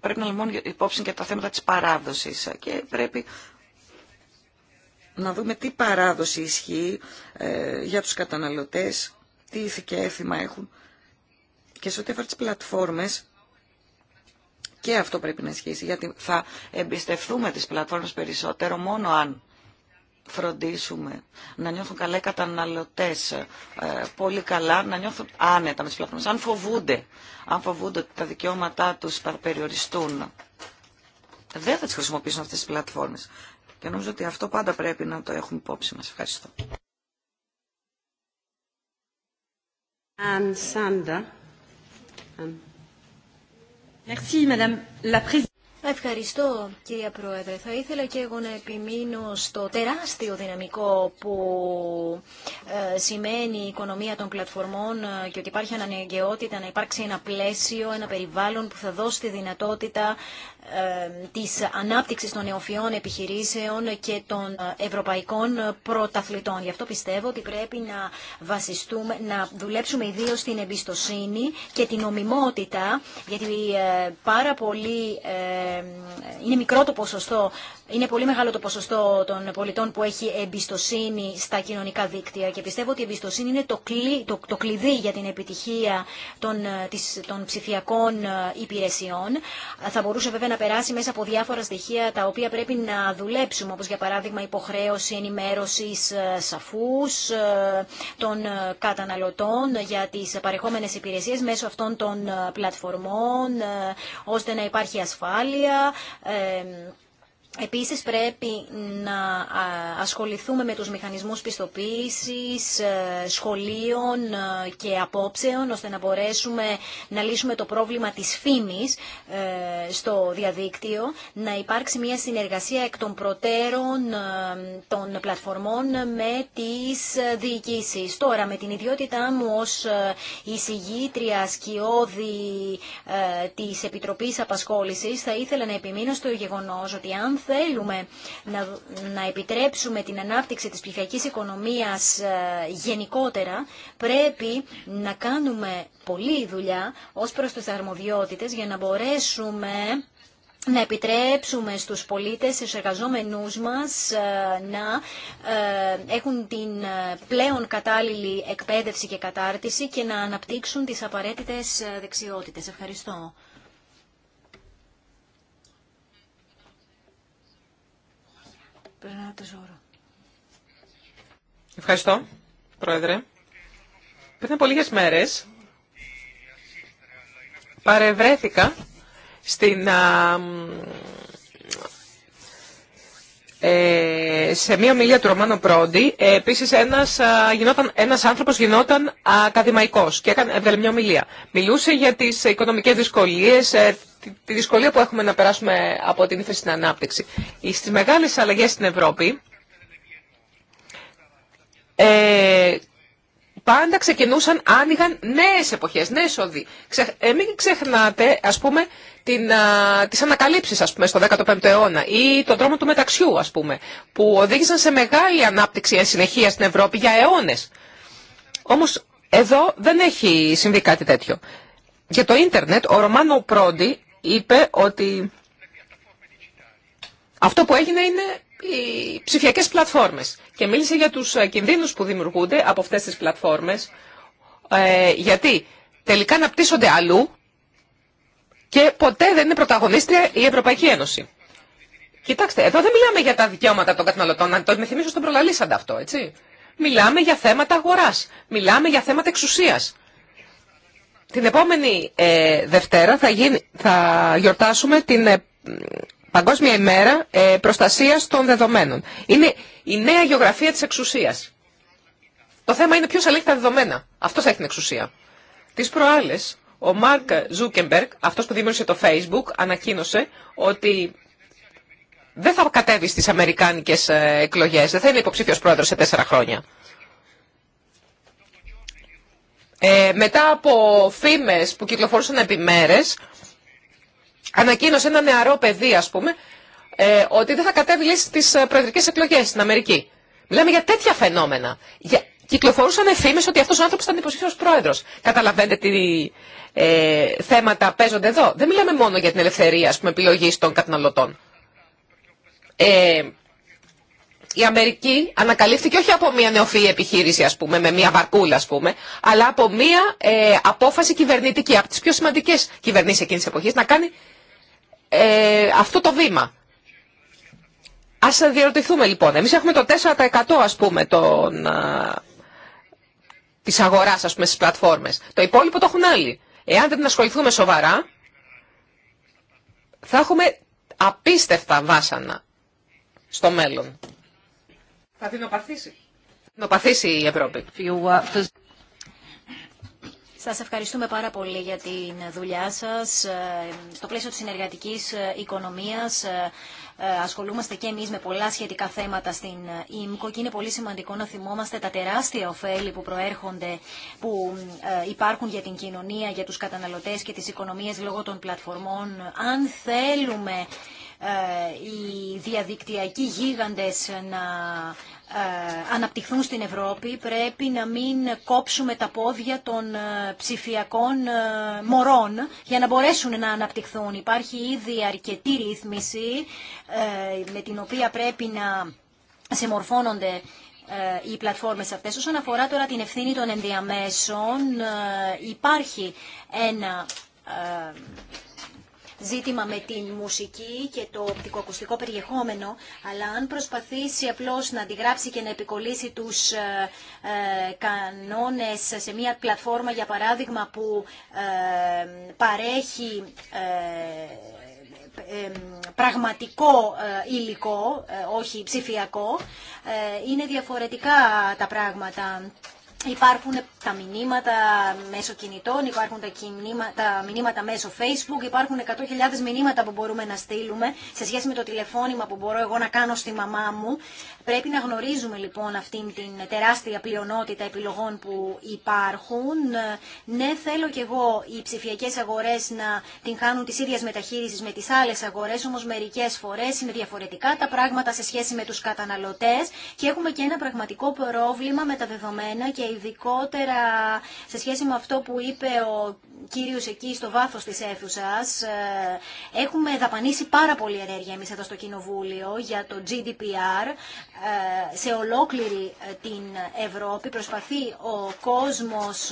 Πρέπει να λαμβάνουν υπόψη και τα θέματα τη παράδοση. και πρέπει να δούμε τι παράδοση ισχύει ε, για τους καταναλωτές τι ήθη και έθιμα έχουν. Και σε ό,τι αφορά τις πλατφόρμες, και αυτό πρέπει να ισχύσει, γιατί θα εμπιστευτούμε τις πλατφόρμες περισσότερο μόνο αν φροντίσουμε να νιώθουν καλά οι καταναλωτές, ε, πολύ καλά, να νιώθουν άνετα με τις πλατφόρμες, αν φοβούνται, αν φοβούνται ότι τα δικαιώματά τους θα περιοριστούν. Δεν θα τις χρησιμοποιήσουν αυτές τις πλατφόρμες. Και νομίζω ότι αυτό πάντα πρέπει να το έχουμε υπόψη μας. Ευχαριστώ. Ευχαριστώ κυρία Πρόεδρε. Θα ήθελα και εγώ να επιμείνω στο τεράστιο δυναμικό που ε, σημαίνει η οικονομία των πλατφορμών ε, και ότι υπάρχει αναγκαιότητα να υπάρξει ένα πλαίσιο, ένα περιβάλλον που θα δώσει τη δυνατότητα της ανάπτυξης των νεοφυών επιχειρήσεων και των ε, ευρωπαϊκών πρωταθλητών. Γι' αυτό πιστεύω ότι πρέπει να βασιστούμε, να δουλέψουμε ιδίω στην εμπιστοσύνη και την ομιμότητα γιατί ε, πάρα πολύ είναι μικρό το ποσοστό, είναι πολύ μεγάλο το ποσοστό των πολιτών που έχει εμπιστοσύνη στα κοινωνικά δίκτυα και πιστεύω ότι η εμπιστοσύνη είναι το, κλει, το, το κλειδί για την επιτυχία των, ε, ψηφιακών υπηρεσιών. Θα μπορούσε βέβαια περάσει μέσα από διάφορα στοιχεία τα οποία πρέπει να δουλέψουμε, όπως για παράδειγμα υποχρέωση ενημέρωσης ε, σαφούς ε, των ε, καταναλωτών για τις παρεχόμενες υπηρεσίες μέσω αυτών των πλατφορμών, ώστε να υπάρχει ασφάλεια Επίσης πρέπει να ασχοληθούμε με τους μηχανισμούς πιστοποίησης, ε, σχολείων ε, και απόψεων, ώστε να μπορέσουμε να λύσουμε το πρόβλημα της φήμης ε, στο διαδίκτυο, να υπάρξει μια συνεργασία εκ των προτέρων των πλατφορμών με τις διοικήσεις. Τώρα, με την ιδιότητά μου ως εισηγήτρια σκιώδη της Επιτροπής Απασχόλησης, θα ήθελα να επιμείνω στο γεγονός ότι αν θέλουμε να, να επιτρέψουμε την ανάπτυξη της ψηφιακής οικονομίας ε, γενικότερα, πρέπει να κάνουμε πολλή δουλειά ως προς τις αρμοδιότητες για να μπορέσουμε να επιτρέψουμε στους πολίτες, στους εργαζόμενούς μας ε, να ε, έχουν την πλέον κατάλληλη εκπαίδευση και κατάρτιση και να αναπτύξουν τις απαραίτητες δεξιότητες. Ευχαριστώ. Ευχαριστώ, Πρόεδρε. Πριν από λίγες μέρες παρευρέθηκα στην, ε, σε μία ομιλία του Ρωμάνου Πρόντι. Ε, επίσης ένας, γινόταν, ένας άνθρωπος γινόταν ακαδημαϊκός και έκανε, έβγαλε μία ομιλία. Μιλούσε για τις οικονομικές δυσκολίες, ε, τη δυσκολία που έχουμε να περάσουμε από την ύφεση στην ανάπτυξη. στι μεγάλε αλλαγέ στην Ευρώπη, ε, πάντα ξεκινούσαν, άνοιγαν νέε εποχέ, νέε οδοί. Ξε, ε, μην ξεχνάτε, ας πούμε, την, α, τις ανακαλύψεις, ας πούμε, στο 15ο αιώνα ή τον τρόμο του μεταξιού, ας πούμε, που οδήγησαν σε μεγάλη ανάπτυξη εν συνεχεία στην Ευρώπη για αιώνες. Όμως, εδώ δεν έχει συμβεί κάτι τέτοιο. Για το ίντερνετ, ο Ρωμάνο Πρόντι είπε ότι αυτό που έγινε είναι οι ψηφιακές πλατφόρμες και μίλησε για τους ε, κινδύνους που δημιουργούνται από αυτές τις πλατφόρμες ε, γιατί τελικά αναπτύσσονται αλλού και ποτέ δεν είναι πρωταγωνίστρια η Ευρωπαϊκή Ένωση. Κοιτάξτε, εδώ δεν μιλάμε για τα δικαιώματα των καταναλωτών, Να το θυμίσω στον προλαλήσαντα αυτό, έτσι. Μιλάμε για θέματα αγοράς, μιλάμε για θέματα εξουσίας την επόμενη ε, Δευτέρα θα, θα γιορτάσουμε την ε, Παγκόσμια ημέρα ε, προστασίας των δεδομένων. Είναι η νέα γεωγραφία της εξουσίας. Το θέμα είναι ποιος αλήθει τα δεδομένα. Αυτός θα έχει την εξουσία. Τις προάλλες, ο Μάρκ Ζούκεμπεργκ, αυτός που δημιούργησε το Facebook, ανακοίνωσε ότι δεν θα κατέβει στις αμερικάνικες ε, εκλογές, δεν θα είναι υποψήφιος πρόεδρος σε τέσσερα χρόνια. Ε, μετά από φήμες που κυκλοφορούσαν επί μέρες, ανακοίνωσε ένα νεαρό παιδί, ας πούμε, ε, ότι δεν θα κατέβει στις ε, προεδρικές εκλογές στην Αμερική. Μιλάμε για τέτοια φαινόμενα. Για... Κυκλοφορούσαν φήμες ότι αυτός ο άνθρωπος ήταν υποψήφιος πρόεδρος. Καταλαβαίνετε τι ε, θέματα παίζονται εδώ. Δεν μιλάμε μόνο για την ελευθερία, ας πούμε, επιλογής των καταναλωτών. Ε, η Αμερική ανακαλύφθηκε όχι από μια νεοφύη επιχείρηση, ας πούμε, με μια βαρκούλα, ας πούμε, αλλά από μια ε, απόφαση κυβερνητική, από τις πιο σημαντικές κυβερνήσεις εκείνης εποχής, να κάνει ε, αυτό το βήμα. Ας διερωτηθούμε λοιπόν, εμείς έχουμε το 4% ας πούμε τον, α, της αγοράς ας πούμε στις πλατφόρμες. Το υπόλοιπο το έχουν άλλοι. Εάν δεν ασχοληθούμε σοβαρά, θα έχουμε απίστευτα βάσανα στο μέλλον. Θα την οπαθήσει η Ευρώπη. Σας ευχαριστούμε πάρα πολύ για την δουλειά σας. Ε, στο πλαίσιο της συνεργατικής ε, οικονομίας ε, ασχολούμαστε και εμείς με πολλά σχετικά θέματα στην ΙΜΚΟ και είναι πολύ σημαντικό να θυμόμαστε τα τεράστια ωφέλη που προέρχονται, που υπάρχουν για την κοινωνία, για τους καταναλωτές και τις οικονομίες λόγω των πλατφορμών. Αν θέλουμε ε, οι διαδικτυακοί γίγαντες να ε, αναπτυχθούν στην Ευρώπη πρέπει να μην κόψουμε τα πόδια των ε, ψηφιακών μωρών για να μπορέσουν να αναπτυχθούν. Υπάρχει ήδη αρκετή ρύθμιση με την οποία πρέπει να συμμορφώνονται οι πλατφόρμες αυτές. Όσον αφορά τώρα την ευθύνη των ενδιαμέσων, υπάρχει ένα ζήτημα με την μουσική και το οπτικοακουστικό περιεχόμενο, αλλά αν προσπαθήσει απλώς να αντιγράψει και να επικολλήσει τους ε, ε, κανόνες σε μια πλατφόρμα, για παράδειγμα, που ε, παρέχει πραγματικό υλικό, όχι ψηφιακό, είναι διαφορετικά τα πράγματα. Υπάρχουν τα μηνύματα μέσω κινητών, υπάρχουν τα, τα μηνύματα μέσω facebook, υπάρχουν 100.000 μηνύματα που μπορούμε να στείλουμε σε σχέση με το τηλεφώνημα που μπορώ εγώ να κάνω στη μαμά μου. Πρέπει να γνωρίζουμε λοιπόν αυτήν την τεράστια πλειονότητα επιλογών που υπάρχουν. Ναι, θέλω κι εγώ οι ψηφιακέ αγορέ να την κάνουν τη ίδια μεταχείριση με τι άλλε αγορέ, όμω μερικέ φορέ είναι διαφορετικά τα πράγματα σε σχέση με του καταναλωτέ και έχουμε και ένα πραγματικό πρόβλημα με τα δεδομένα ειδικότερα σε σχέση με αυτό που είπε ο κύριος εκεί στο βάθος της αίθουσας. Ε, έχουμε δαπανίσει πάρα πολύ ενέργεια εμείς εδώ στο Κοινοβούλιο για το GDPR ε, σε ολόκληρη ε, την Ευρώπη. Προσπαθεί ο κόσμος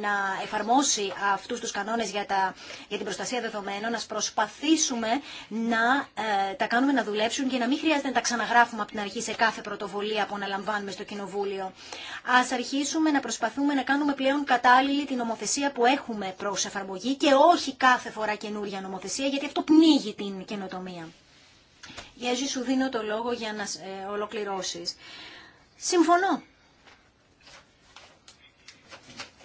να εφαρμόσει αυτούς τους κανόνες για, τα, για την προστασία δεδομένων, να προσπαθήσουμε να τα κάνουμε να δουλέψουν και να μην χρειάζεται να τα ξαναγράφουμε από την αρχή σε κάθε πρωτοβουλία που αναλαμβάνουμε στο Κοινοβούλιο. Ας αρχίσουμε να προσπαθούμε να κάνουμε πλέον κατάλληλη την νομοθεσία που έχουμε προς εφαρμογή και όχι κάθε φορά καινούρια νομοθεσία γιατί αυτό πνίγει την καινοτομία. Γιέζη, σου δίνω το λόγο για να ε, ολοκληρώσεις. Συμφωνώ.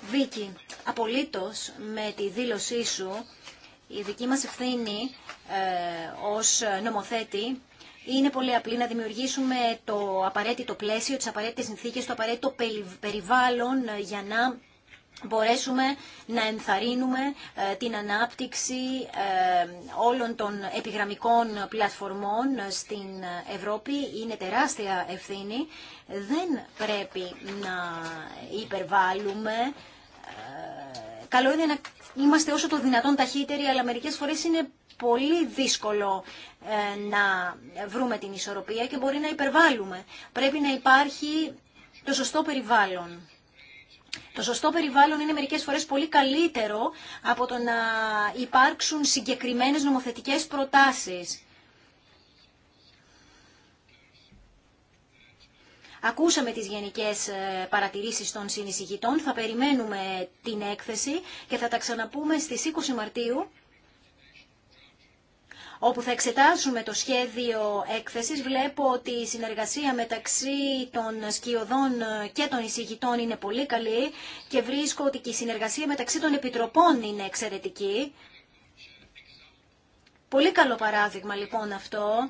Βίκη, απολύτως με τη δήλωσή σου η δική μας ευθύνη ε, ως νομοθέτη είναι πολύ απλή να δημιουργήσουμε το απαραίτητο πλαίσιο, τις απαραίτητες συνθήκες, το απαραίτητο περιβάλλον ε, για να μπορέσουμε να ενθαρρύνουμε ε, την ανάπτυξη ε, όλων των επιγραμμικών πλατφορμών στην Ευρώπη. Είναι τεράστια ευθύνη. Δεν πρέπει να υπερβάλλουμε. Καλό είναι να είμαστε όσο το δυνατόν ταχύτεροι, αλλά μερικές φορές είναι πολύ δύσκολο ε, να βρούμε την ισορροπία και μπορεί να υπερβάλλουμε. Πρέπει να υπάρχει το σωστό περιβάλλον. Το σωστό περιβάλλον είναι μερικές φορές πολύ καλύτερο από το να υπάρξουν συγκεκριμένες νομοθετικές προτάσεις. Ακούσαμε τις γενικές ε, παρατηρήσεις των συνεισηγητών, θα περιμένουμε την έκθεση και θα τα ξαναπούμε στις 20 Μαρτίου όπου θα εξετάσουμε το σχέδιο έκθεσης. Βλέπω ότι η συνεργασία μεταξύ των σκιωδών ε, και των εισηγητών είναι πολύ καλή και βρίσκω ότι και η συνεργασία μεταξύ των επιτροπών είναι εξαιρετική. Πολύ καλό παράδειγμα λοιπόν αυτό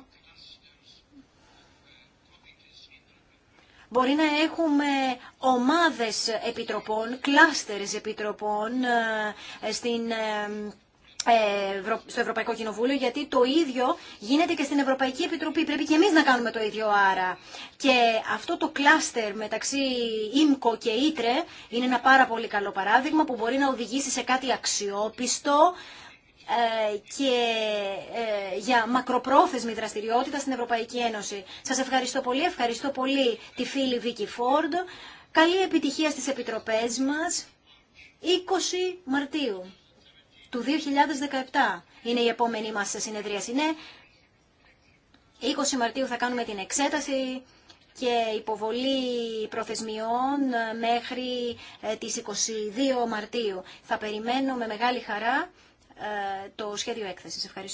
Μπορεί να έχουμε ομάδες επιτροπών, κλάστερες επιτροπών ε, στην ε, ε, στο Ευρωπαϊκό Κοινοβούλιο, γιατί το ίδιο γίνεται και στην Ευρωπαϊκή Επιτροπή. Πρέπει και εμείς να κάνουμε το ίδιο άρα. Και αυτό το κλάστερ μεταξύ ΙΜΚΟ και ΙΤΡΕ είναι ένα πάρα πολύ καλό παράδειγμα που μπορεί να οδηγήσει σε κάτι αξιόπιστο, ε, και ε, για μακροπρόθεσμη δραστηριότητα στην Ευρωπαϊκή Ένωση. Σας ευχαριστώ πολύ, ευχαριστώ πολύ τη φίλη Βίκη Φόρντ. Καλή επιτυχία στις επιτροπές μας. 20 Μαρτίου του 2017 είναι η επόμενη μας συνεδρίαση. 20 ναι, Μαρτίου θα κάνουμε την εξέταση και υποβολή προθεσμιών μέχρι ε, τις 22 Μαρτίου. Θα περιμένω με μεγάλη χαρά ε, το σχέδιο έκθεσης. Ευχαριστώ.